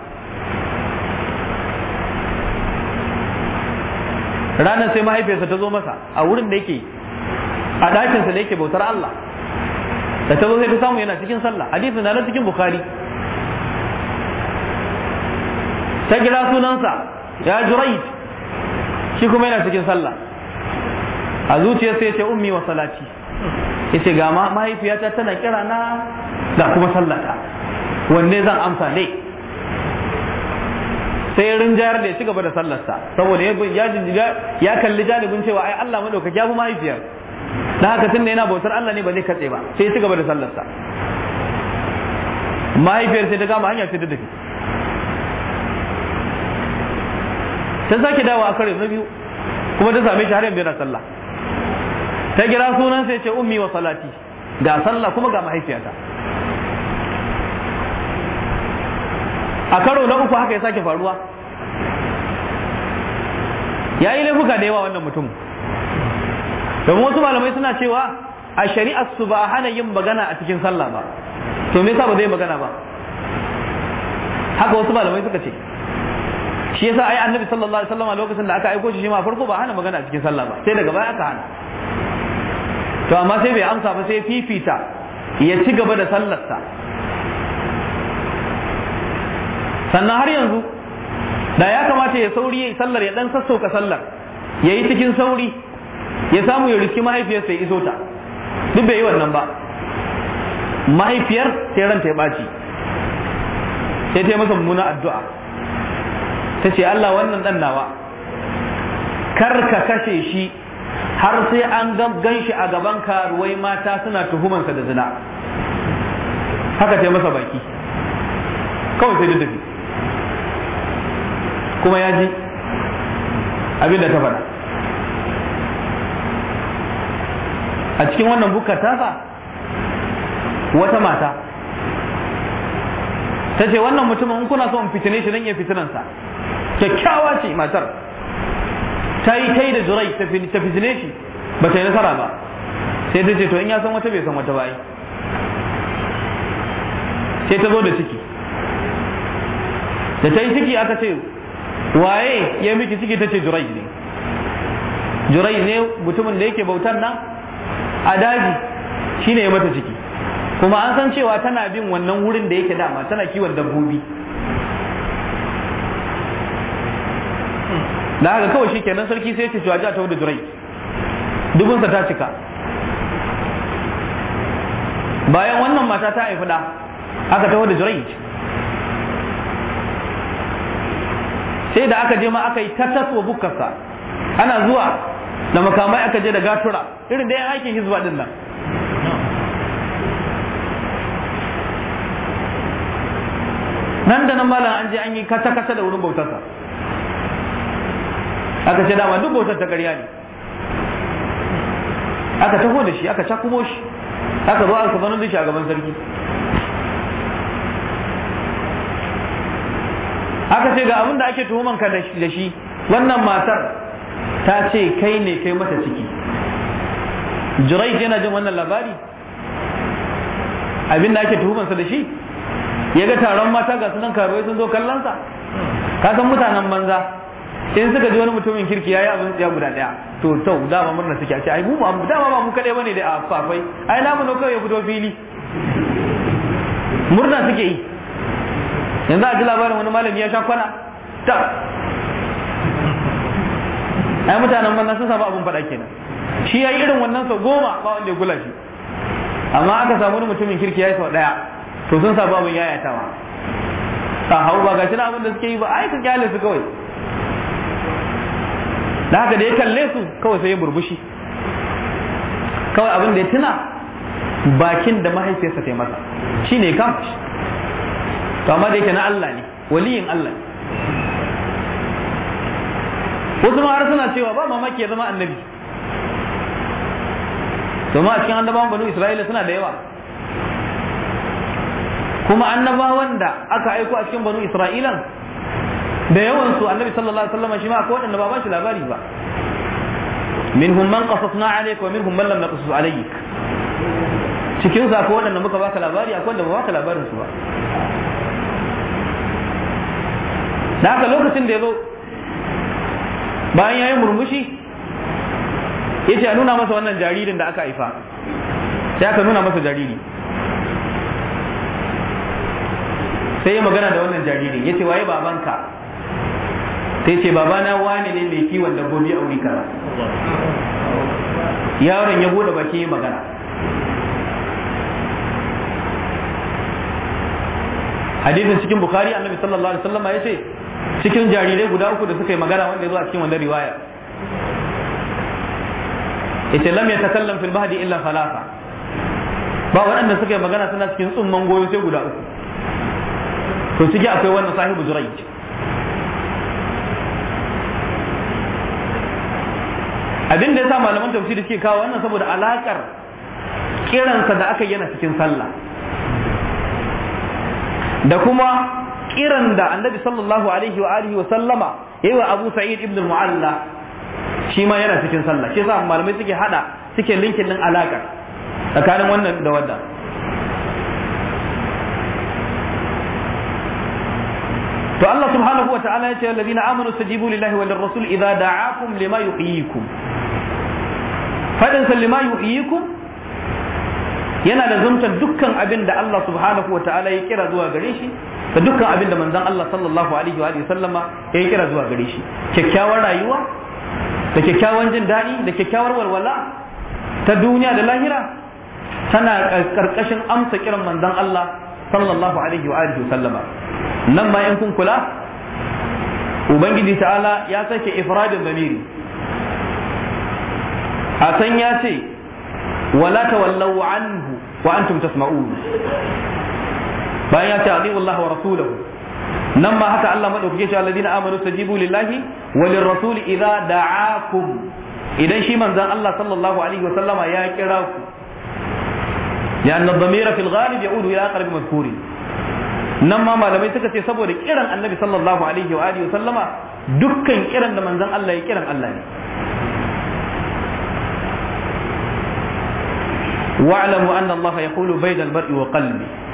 ranar sai mahaifiyarsa ta zo masa a wurin da yake a ɗakinsa da yake bautar Allah da ta zo sai ta samu yana cikin sallah hadisin na cikin bukhari ta kira sunansa ya jurai shi kuma yana cikin sallah a zuciya sai ce ummi wa salati ya ce ga mahaifiyata tana kira na da kuma sallata wanne zan amsa ne sai rinjayar da ya ci gaba da sallarsa saboda ya kalli janibin cewa ai Allah madaukaki ya fi mahaifiyar da haka da yana bautar Allah ne ba zai katse ba sai ya ci gaba da sallarsa mahaifiyar sai ta gama hanya sai da tafi ta sake dawo a karo na biyu kuma ta same shi har yanzu yana sallah ta kira sunan sai ce ummi wa salati ga sallah kuma ga mahaifiyata a karo na uku haka ya sake faruwa ya yi laifuka da yawa wannan mutum domin wasu malamai suna cewa a shari'ar su ba a hana yin magana a cikin sallah ba to me yasa ba zai magana ba haka wasu malamai suka ce shi yasa ai annabi sallallahu alaihi wasallam lokacin da aka aiko shi shi ma farko ba hana magana a cikin sallah ba sai daga baya aka hana to amma sai bai amsa ba sai fifita ya ci gaba da sallarsa sannan har yanzu da ya kamata ya sauri ya sallar ya dan sassauka sallar ya yi cikin sauri ya samu ya riski mahaifiyarsa ya iso ta duk bai yi wannan ba mahaifiyar sai ranta ya ɓaci sai ta yi masa mummuna addu'a ta ce Allah wannan dan nawa kar ka kashe shi har sai an gan shi a gaban ka karuwai mata suna tuhumansa da zina haka ta yi masa baki kawai sai da kuma ya ji abin da ta faɗa a cikin wannan bukar tasa wata mata ta ce wannan mutumin in kuna so in fitine shi nan ya fitinansa kyakkyawa ce matar ta yi kai da jurai ta fitine shi ba ta yi nasara ba sai ta ce to in ya san wata bai san wata ba sai ta zo da ciki da ta yi ciki aka ce waye ya miki ciki ta ce jurai ne jurai ne mutumin da yake bautar nan a daji shi ya mata ciki kuma an san cewa tana bin wannan wurin da yake dama tana kiwon dabbobi da haka kawai shi kenan sarki sai ce cewa ja ta wuda durai dubunsa ta cika bayan wannan mata ta haifi da aka ta wuda durai sai da aka je ma aka yi ta taso bukarsa ana zuwa da makamai aka je da gatura irin da ya aikin hizba din nan nan da nan malam an je an yi kasa kasa da wurin bautarsa aka ce dama duk bautar ta ƙarya ne aka taho da shi aka cakumo shi aka zo aka sanar da a gaban sarki aka ce ga abin da ake tuhumanka ka da shi wannan matar ta ce kai ne kai mata ciki juraij yana jin wannan labari abin da ake tuhumansa da shi ya ga taron mata ga sunan karuwai sun zo kallonsa ka san mutanen banza in suka ji wani mutumin kirki ya yi abin ya guda daya to to dama murna suke a ce ai mu ba dama ba mu kadai bane da afafai ai namu no kawai ya fito fili murna suke yi yanzu a ji labarin wani malami ya sha kwana ta ai mutanen banna sun samu abun faɗa kenan shi ya yi irin wannan sau goma ba wanda ya gula shi amma aka samu mutumin kirki ya yi sau ɗaya to sun samu abun yayatawa ta hau ba gashi na abin da suke yi ba ai su kyale su kawai da haka da ya kalle su kawai sai ya burbushi kawai abin da ya tuna bakin da mahaifiyarsa ta yi masa shine kam to amma da yake na Allah ne waliyin Allah ne wasu ma har suna cewa ba mamaki ya zama annabi domin a cikin annabawan banu isra'ila suna da yawa kuma annabawan da aka aiko a cikin banu isra'ilan da yawan su annabi sallallahu alaihi wasallam shi ma akwai wadanda ba ba shi labari ba minhum man qasasna alayka wa minhum man lam naqsus alayk cikin su akwai wadanda muka baka labari akwai wanda ba baka labarin su ba da haka lokacin da ya zo bayan ya yi murmushi ya ce a nuna masa wannan jaririn da aka haifa sai aka nuna masa jariri sai ya magana da wannan jaririn ya ce waye babanka sai ce babana wani ne mai kiwon dabbobi a wuri kara yaron ya bude baki ya magana hadisin cikin bukhari annabi sallallahu alaihi wasallam ya ce cikin jarirai guda uku da suka yi magana wanda ya zo a cikin wannan riwaya yace lam yatakallam fil bahdi illa falafa ba waɗanda suka yi magana suna cikin tsumman goyo sai guda uku to ciki akwai wannan sahibu zurayj abin da yasa malaman tafsiri suke kawo wannan saboda alakar kiransa da aka yana cikin sallah da kuma kiran da annabi sallallahu alaihi wa alihi wa sallama yayi wa Abu Sa'id ibn al-Mu'alla shi ma yana cikin sallah shi yasa malamai suke hada suke linkin din alaka tsakanin wannan da wannan to Allah subhanahu wa ta'ala yace alladhina amanu stajibu lillahi wal rasul idza da'akum lima yuhyikum fadin sallima yuhyikum yana da zumtar dukkan abin da Allah subhanahu wa ta'ala ya kira zuwa gare shi da dukkan abin da manzon Allah sallallahu alaihi wa sallama ya yi kira zuwa gare shi kyakkyawar rayuwa da kyakkyawan jin daɗi da kyakkyawar walwala ta duniya da lahira tana karkashin amsa kiran manzon Allah sallallahu alaihi wa sallama nan ma in kun kula ubangiji ta'ala ya sake ifradin zamiri a san ya ce wala tawallau anhu wa antum tasma'un bayan ya ce a Allah wa rasulahu nan ma haka Allah madaukake shi alladina amanu tajibu lillahi wa lirrasuli idza da'akum idan shi manzan Allah sallallahu alaihi wa sallama ya kira ku ya anna dhamira fil ghalib ya'udu ila aqrabi mazkuri nan ma malamai suka ce saboda kiran annabi sallallahu alaihi wa alihi wa sallama dukkan kiran da manzan Allah ya kiran Allah ne واعلموا أن الله يقول بين المرء وقلبه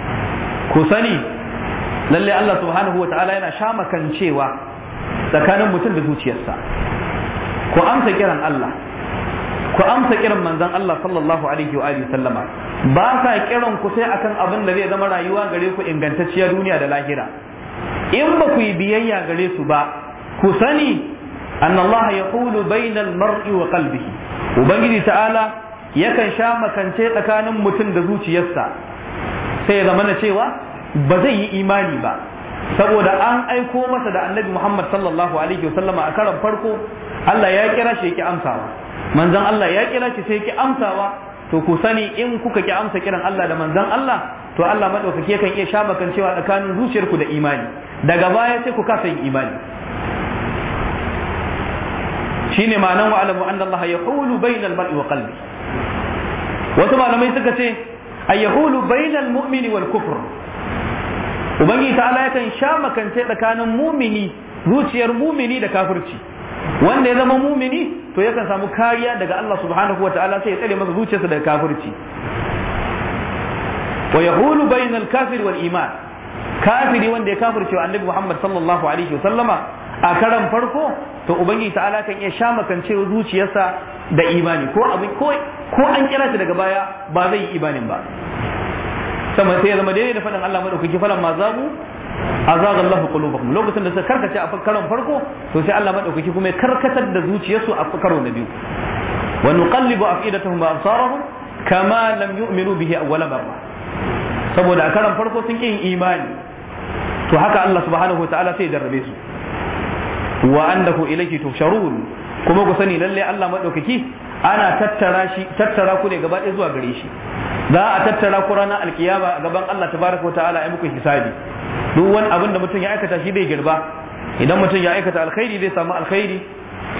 ku sani lalle Allah subhanahu wa ta'ala yana shamakan cewa tsakanin mutum da zuciyarsa ku amsa kiran Allah ku amsa kiran manzon Allah sallallahu alaihi wa alihi sallama ba sa kiran ku sai akan abin da zai zama rayuwa gare ku ingantacciyar duniya da lahira in ba ku yi biyayya gare su ba ku sani أن الله يقول بين المرء وقلبه وبنجي تعالى يكن شاما كان شيء كان متن دزوتي يسا sai ya zamana cewa ba zai yi imani ba saboda an aiko masa da annabi Muhammad sallallahu alaihi wasallama a karan farko Allah ya kira shi yake amsawa manzon Allah ya kira shi sai yake amsawa to ku sani in kuka ki amsa kiran Allah da manzon Allah to Allah madaukake kan iya shabakan cewa tsakanin zuciyarku da imani daga baya sai ku kasa yin imani shine ma'anan wa alamu anna Allah yahulu bainal mar'i wa qalbi wasu malamai suka ce a yahulu bainal mu'mini wal kufur Ubangi ta'ala yakan sha makance tsakanin mumini zuciyar mumini da kafirci wanda ya zama mumini to yakan samu kariya daga Allah subhanahu wataala sai ya tsare masa zuciyarsa daga kafirci wa yahulu bainal kafir wal iman kafiri wanda ya kafirce wa annabi Muhammad sallallahu alaihi sallama, a karan farko to ubangi ta'ala kan iya sha makance zuciyarsa da imani ko abin ko an kira shi daga baya ba zai yi imanin ba sama sai ya zama daidai da faɗin Allah madaukaki falan ma zagu azaga Allahu qulubahum lokacin da suka karkace a karon farko to sai Allah madaukaki kuma ya karkatar da zuciyarsu a karo na biyu wa nuqallibu afidatahum wa absarahum kama lam yu'minu bihi awwala marra saboda a karon farko sun yi imani to haka Allah subhanahu wa ta'ala sai ya jarrabe su wa annahu ilayhi tusharun kuma ku sani lalle Allah maɗaukaki ana tattara shi tattara ku ne gaba ɗaya zuwa gare shi za a tattara ku ranar alkiyama a gaban Allah tabaraka wa ta'ala ya muku hisabi duk wani abin da mutum ya aikata shi zai girba idan mutum ya aikata alkhairi zai samu alkhairi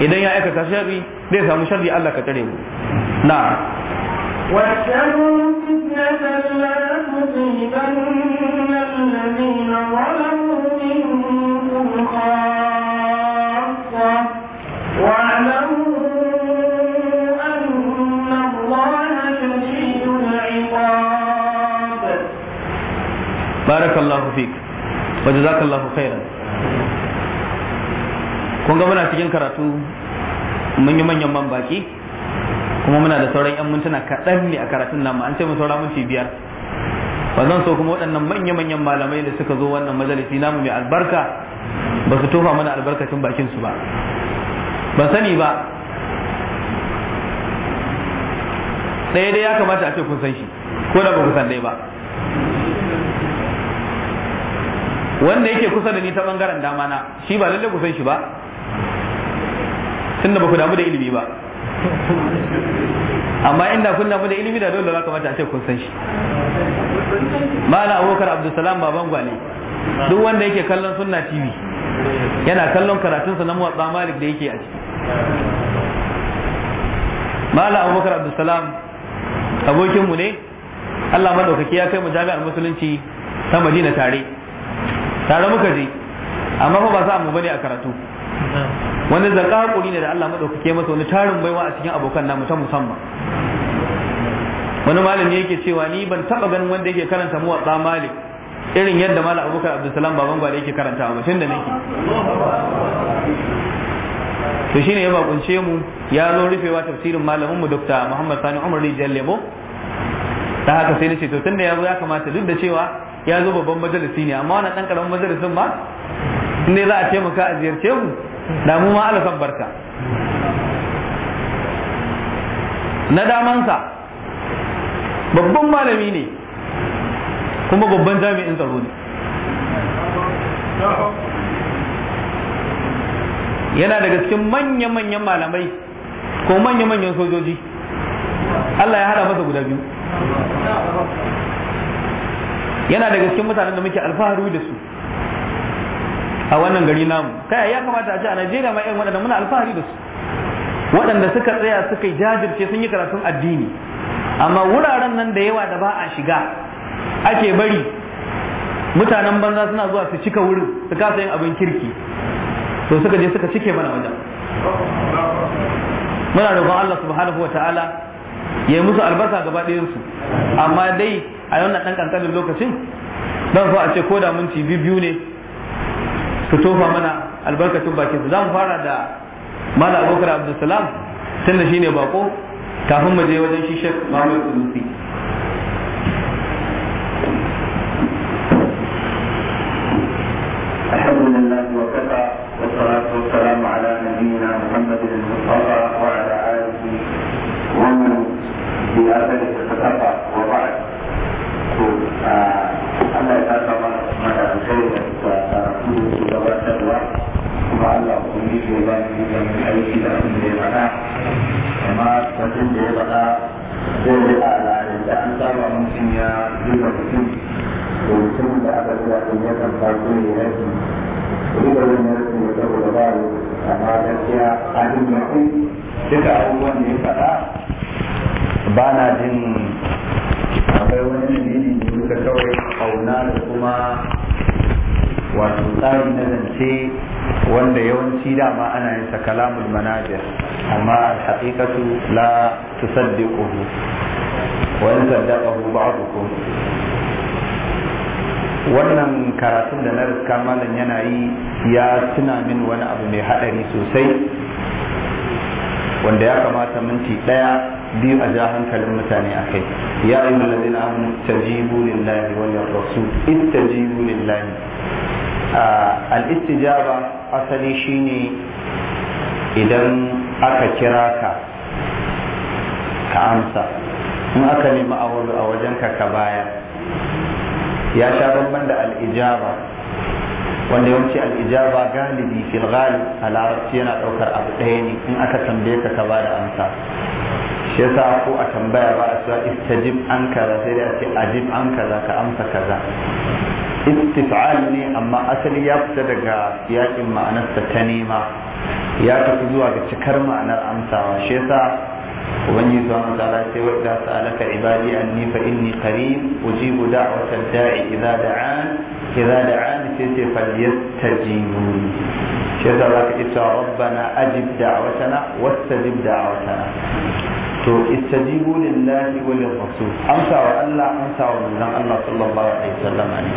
idan ya aikata sharri zai samu sharri Allah ka tare mu na وَاتَّقُوا فِتْنَةً لَا تُصِيبَنَّ barakallahu fik wa jazakallahu khairan kun ga muna cikin karatu mun yi manyan man baki kuma muna da sauran yan mintuna kaɗan ne a karatun nan an ce mu saura minti biyar ba zan so kuma waɗannan manya-manyan malamai da suka zo wannan majalisi namu mai albarka ba su tofa mana albarkacin bakin su ba ban sani ba ɗaya dai ya kamata a ce kun san shi ko da ba ku san dai ba wanda yake kusa da ni ta bangaren dama na shi ba lalle ku san shi ba tunda ba ku damu da ilimi ba amma inda kun damu da ilimi da dole za kamata a ce kun san shi mala abubakar abdulsalam baban gwale duk wanda yake kallon sunna tv yana kallon karatunsa na muwatsa malik da yake a ciki mala abubakar abdulsalam abokinmu ne allah maɗaukaki ya kai mu jami'ar musulunci ta madina tare tare muka je amma fa ba sa mu bane a karatu wani hakuri ne da Allah madaukake masa wani tarin baiwa a cikin abokan namu ta musamman wani malami yake cewa ni ban taba ganin wanda yake karanta mu muwatsa malik irin yadda malam abubakar abdulsalam baban gwada yake karanta ba tun da nake to shine ya bakunce mu ya zo rufewa tafsirin malamin mu dr muhammad sani umar rijal lemo ta haka sai nace to tunda ya zo ya kamata duk da cewa ya zo babban majalisi ne amma wani ɗan ƙaramin majalisin ma ne za a taimaka a ziyarce mu da mu ma alasan barka na damansa babban malami ne kuma babban jami'in tsaro ne yana daga cikin manya-manyan malamai ko manya-manyan sojoji Allah ya hada masa guda biyu yana daga cikin mutanen da muke alfahari da su a wannan gari namu kai ya kamata a ce a Najeriya ma irin waɗanda muna alfahari da su waɗanda suka tsaya suka jajirce sun yi karatun addini amma wuraren nan da yawa da ba a shiga ake bari mutanen banza suna zuwa su cika wurin su kasa yin abin kirki to suka je suka cike mana wajen muna roƙon Allah subhanahu wa ta'ala ya yi musu albasa gaba su amma dai a na ɗan ƙanƙanin lokacin zan fa a ce ko da minti biyu ne su tofa mana albarkacin baki su zan fara da mala abokar abdulsalam tun da shine bako kafin mu je wajen shi shek mahmud kudusi الحمد لله وكفى والصلاة والسلام على نبينا محمد المصطفى وعلى آله ومن بأثره اقتفى Allah ya saka mana kuma da da gabatarwa kuma Allah ku yi shi ba da da da ya faɗa amma da a lalin da an saba da da aka zuwa ɗin ya kan farko ya rashi duk da wani ya da faɗa ba na jin akwai wani dalili duka kawai auna da kuma wato tsari na zance wanda yawanci dama ana yin sa kalamul manajir amma alhaqiqatu la tusaddiquhu wa in saddaqahu ba'dukum wannan karatun da na riska malam yana yi ya tuna min wani abu mai hadari sosai wanda ya kamata minti ɗaya biyu a ja hankalin mutane a kai ya yi mallazi na amina tajibu lillahi wani rasul istajibu lillahi al-istijaba asali shine idan aka kira ka ka amsa in aka nemi a wajenka ka baya ya sha bamban da al'ijaba. ijaba wanda yawanci al'ijaba galibi fil ghalib a larabci yana ɗaukar abu ɗaya ne in aka tambaye ka ka ba da amsa shi yasa ko a tambaya ba a cewa istajib an kaza sai dai a ce ajib an kaza ka amsa kaza istif'al ne amma asali ya fita daga yakin ma'anarsa ta nema ya tafi zuwa ga cikar ma'anar amsawa shi yasa ubangiji subhanahu wataala sai wa idza sa'alaka ibadi ni fa inni qarib ujibu da'wata da'i idza da'an idza da'an sai ce falyastajibu shi yasa zaka ita rabbana ajib da'watana wastajib da'watana to istajibu lillahi wa lil rasul amsa wa Allah amsa wa manzon Allah sallallahu alaihi wasallam ne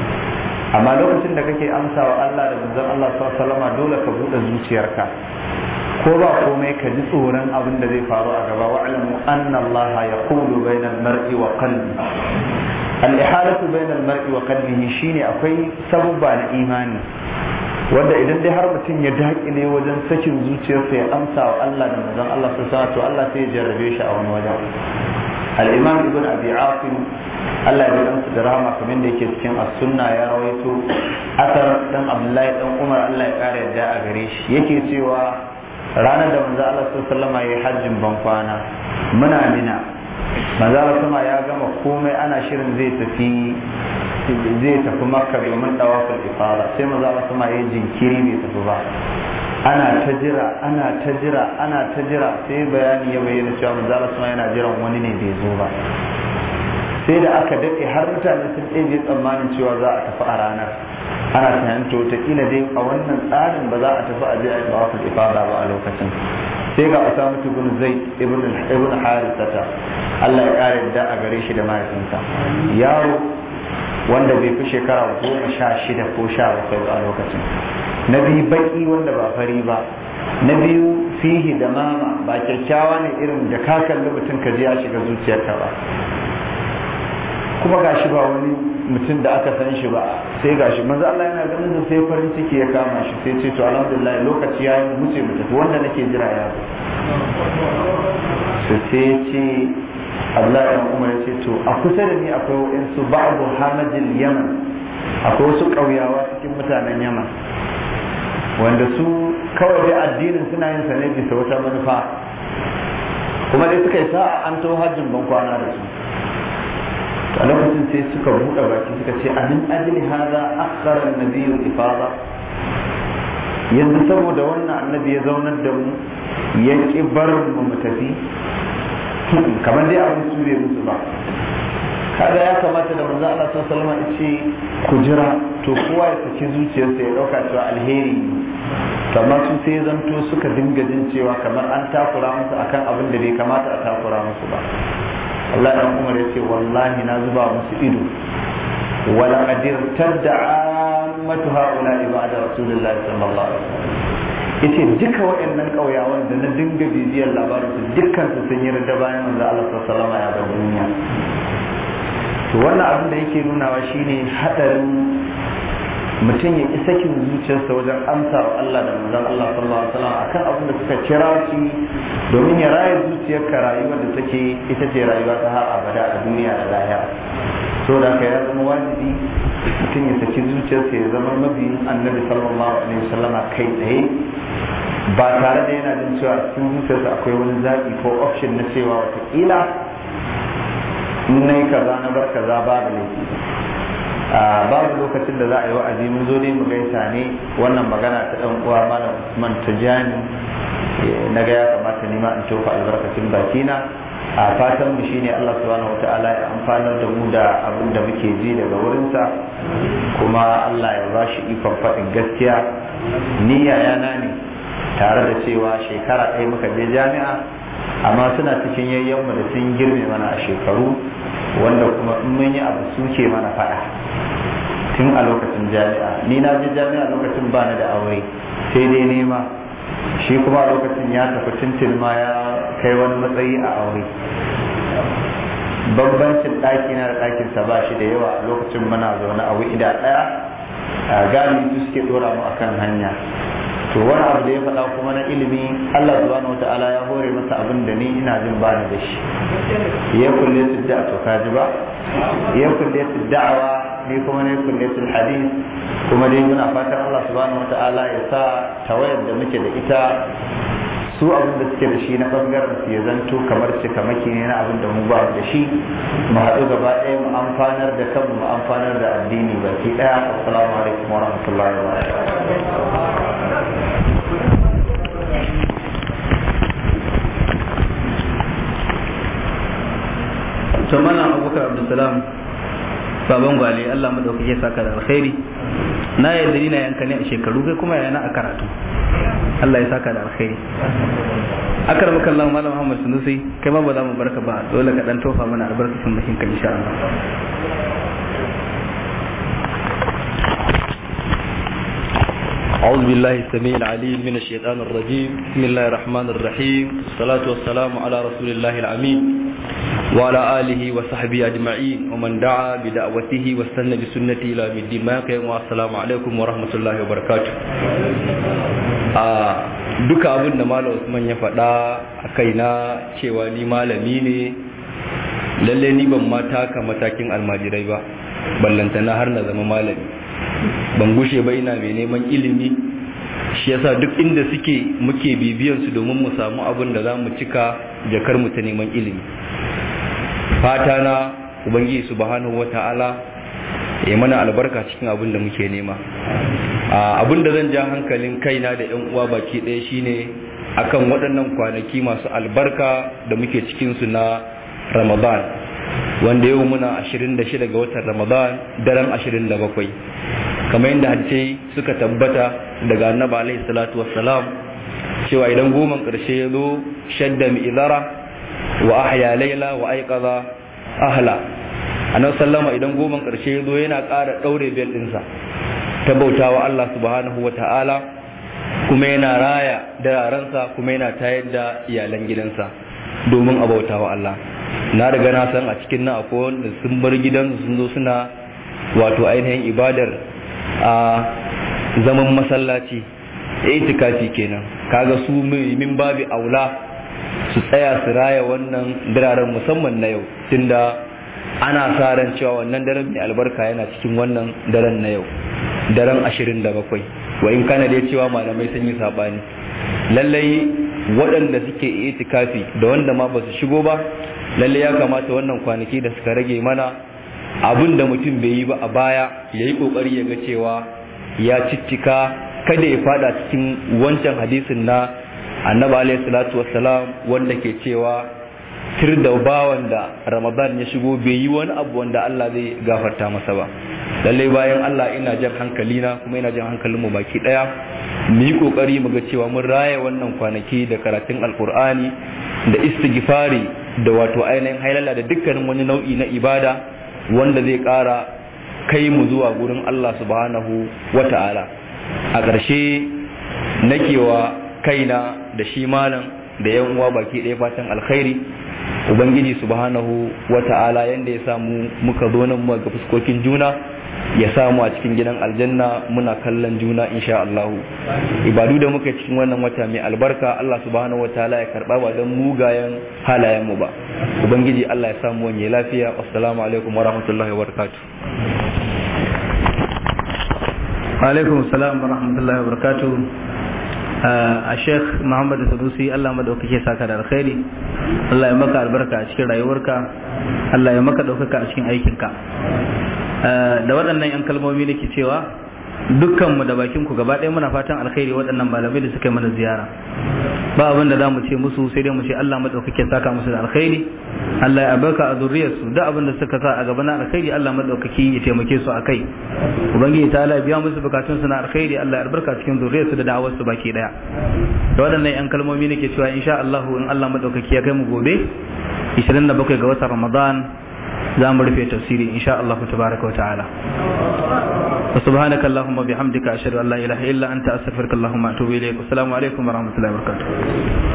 amma lokacin da kake amsa wa Allah da manzon Allah sallallahu alaihi wasallam dole ka bude zuciyarka ko ba komai ka ji tsoron abin da zai faru a gaba wa alamu anna Allah yaqulu bainal mar'i wa qalbi al-ihalatu bainal mar'i wa qalbihi shine akwai sabubba na imani wanda idan dai har mutum ya dakile wajen sakin zuciyarsa ya amsa wa Allah da manzon Allah sun sa to Allah sai ya jarrabe shi a wani wajen al-imam ibn abi asim Allah ya bi da rahama kamar da yake cikin as-sunna ya rawaito asar dan Abdullahi dan Umar Allah ya kare yadda a gare shi yake cewa ranar da manzon Allah sallallahu alaihi ya yi hajjin ban kwana muna mina manzala kuma ya gama komai ana shirin zai tafi zai tafi makka domin dawafin ifada sai manzala kuma ya jinkiri mai tafi ba ana ta jira ana ta jira ana ta jira sai bayani ya bayyana cewa manzala kuma yana jiran wani ne bai zo ba sai da aka daɗe har mutane sun ɗaya tsammanin cewa za a tafi a ranar ana tunanin to wataƙila dai a wannan tsarin ba za a tafi a je a dawafin ifada ba a lokacin sai ga asamu tukun zai ibn harisata Allah ya ƙara yadda a gare shi da mahaifinsa yaro wanda bai fi shekara goma sha shida ko sha bakwai a lokacin na biyu baki wanda ba fari ba na biyu fihi da mama ba kyakkyawa ne irin da ka kalli mutum ka ji ya shiga zuciyarka ba kuma gashi ba wani mutum da aka san shi ba sai gashi manzo Allah yana ganin da sai farin ciki ya kama shi sai ce to alhamdulillah lokaci yayi mu wuce mu tafi wanda nake jira ya zo sai ce Allah ya kuma ya ce to a kusa da ni akwai wa'insu ba'du hamadil yaman akwai wasu ƙauyawa cikin mutanen yaman wanda su kawai dai addinin suna yin sane bisa wata manufa kuma dai suka yi sa'a an taho hajjin ban kwana da su a lokacin sai suka buɗe baki suka ce a min ajli hada akhara nabiyyu ifada yanzu saboda wannan annabi ya zaunar da mu ya barin mu mu tafi kamar dai abin su ne musu ba kada ya kamata da manzo Allah sallallahu alaihi wasallam ce ku jira to kowa ya saki zuciyarsa ya dauka cewa alheri kamar su sai zanto suka dinga jin cewa kamar an takura musu akan abin da bai kamata a takura musu ba Allah dan Umar ya ce wallahi na zuba musu ido wala qadir tad'a ammatu haula ibada rasulullahi sallallahu alaihi wasallam yace duka wayannan kauyawan da na dinga bibiyar labarin su dukkan su sun yi rida bayan manzo Allah sallallahu alaihi ya bar duniya to wannan abin da yake nunawa shine hadarin mutum ya isa kin zuciyarsa wajen amsa wa Allah da manzon Allah sallallahu alaihi wasallam akan abin da suka kira shi domin ya raye zuciyarka rayuwar da take ita ce rayuwa ta har abada a duniya da lahira so da ka ya zama wajibi mutum ya saki zuciyarsa ya zama mabiyin annabi sallallahu alaihi wasallam kai tsaye ba tare da yana jin cewa cikin zuciyarsa akwai wani zaɓi ko option na cewa watakila na yi kaza na bar kaza ba da laifi babu lokacin da za a yi wa'azi mun zo dai mu gaisa ne wannan magana ta ɗan uwa malam Usman tijani eh, na ga ya kamata ni ma in tofa albarkacin bakina a fatan mu shine Allah subhanahu wataala ya amfanar da mu da abin da muke ji daga wurinsa kuma Allah ya ba shi ikon faɗin gaskiya ni yana ne tare da cewa shekara ɗaya muka je jami'a amma suna cikin yayyanmu da sun girme mana a shekaru wanda kuma in mun yi abu suke mana faɗa tun a lokacin jami'a ni na je jami'a lokacin ba ni da aure sai dai nema shi kuma a lokacin ya tafi tuntun ma ya kai wani matsayi a aure bambancin ɗaki na da ɗakin sa ba shi da yawa a lokacin muna zaune a da ɗaya a gani su suke ɗora mu akan hanya to wani abu da ya faɗa kuma na ilimi Allah zuwa na wata'ala ya hore masa abin da ni ina jin bani da shi ya kulle su da to ka ji ba ya kulle su da'awa ni kuma ne kulle su hadith kuma dai muna fatan Allah subhanahu wata'ala ya sa tawayar da muke da ita su abin da suke da shi na bangaren su ya zanto kamar cikamaki ne na abin da mu ba da shi mu haɗu gaba ɗaya mu amfanar da kanmu mu amfanar da addini ba ki ɗaya assalamu alaikum wa rahmatullahi wa barakatuh to mana abubakar abdulsalam baban gwale allah madaukake saka da alkhairi na yadda ina yanka ne a shekaru kai kuma yana a karatu Allah ya saka da alkhairi akar maka Allah malam Muhammad Sunusi kai ma ba za mu barka ba dole ka dan tofa mana albarkacin bakin ka insha Allah أعوذ بالله السميع العليم من الشيطان الرجيم بسم الله الرحمن الرحيم والصلاة والسلام على رسول الله العمين وعلى آله وصحبه أجمعين ومن دعا بدعوته واستنى بسنته إلى يوم الدين والسلام عليكم ورحمة الله وبركاته duka abin Malam Usman ya faɗa a kaina cewa ni malami ne Lallai ni ban ma taka matakin almajirai ba ballantana har na zama malami ban gushe ba ina mai neman ilimi shi yasa duk inda suke muke bibiyansu domin mu samu abin da za mu cika jakar mu ta neman ilimi fata na ubangiji subhanahu wata'ala ya mana albarka cikin abin da muke nema abin da zan ja hankalin kaina da yan uwa baki ɗaya shine akan waɗannan kwanaki masu albarka da muke cikinsu na ramadan wanda yau muna 26 ga watan ramadan daren 27 kamar yadda hadisai suka tabbata daga annaba alaihi salatu wassalam cewa idan goman ƙarshe ya zo shadda mi wa ahya laila wa aiqaza ahla annabi sallama idan goman karshe yazo zo yana ƙara daure bel ɗinsa ta bautawa Allah subhanahu wa ta'ala kuma yana raya da ransa kuma yana tayar da iyalan gidansa domin a bautawa Allah na riga na san a cikin nan akwai wanda sun bar gidansu sun zo suna wato ainihin ibadar a zaman masallaci itikafi kenan kaga su min babi aula su tsaya su raya wannan biraren musamman na yau tunda ana sa ran cewa wannan daren mai albarka yana cikin wannan daren na yau daren ashirin da bakwai wa in kana da cewa malamai sun yi sabani lallai waɗanda suke itikafi da wanda ma ba su shigo ba lallai ya kamata wannan kwanaki da suka rage mana abin da mutum bai yi ba a baya ya yi ƙoƙari ya ga cewa ya cicika kada ya fada cikin wancan hadisin na annabi alayhi salatu wassalam wanda ke cewa tir da bawan da ramadan ya shigo bai yi wani abu wanda Allah zai gafarta masa ba lalle bayan Allah ina jan hankali na kuma ina jan hankalin mu baki daya mu yi kokari mu ga cewa mun raya wannan kwanaki da karatun alkur'ani da istighfari da wato ainihin hailala da dukkanin wani nau'i na ibada wanda zai kara kai mu zuwa gurin Allah subhanahu wata'ala a ƙarshe nakewa kaina da shi malam da yan uwa baki ɗaya fatan alkhairi ubangiji subhanahu wata'ala yanda ya samu muka zo nan mu ga fuskokin juna ya samu a cikin gidan aljanna muna kallon juna insha Allah ibadu da muka cikin wannan wata mai albarka Allah subhanahu wataala ya karba ba don mugayen halayen mu ba ubangiji Allah ya samu wani lafiya assalamu alaikum wa rahmatullahi wa barakatuh alaikum assalam wa rahmatullahi wa barakatuh a sheikh muhammadu sadusi allah madaukake saka da alkhairi allah ya maka albarka a cikin rayuwarka allah ya maka ɗaukaka a cikin aikinka da waɗannan 'yan kalmomi nake cewa dukkanmu da bakinku gaba ɗaya muna fatan alkhairi waɗannan malamai da suka yi mana ziyara ba abin da za mu ce musu sai dai mu ce Allah maɗaukakin saka musu da alkhairi Allah ya albarka a zuriyarsu duk abin da suka sa a gaba na alkhairi Allah maɗaukaki ya taimake su a kai ubangiji ta Allah biya musu bukatun su na alkhairi Allah ya albarka cikin zuriyarsu da da'awar su baki ɗaya da waɗannan yan kalmomi nake cewa insha Allah in Allah maɗaukaki ya kai mu gobe 27 ga watan Ramadan za mu rufe tafsiri in sha Allah ta baraka wa ta'ala wa subhanaka allahumma bihamdika ashhadu an la ilaha illa anta astaghfiruka allahumma atubu ilayk assalamu alaikum wa rahmatullahi wa barakatuh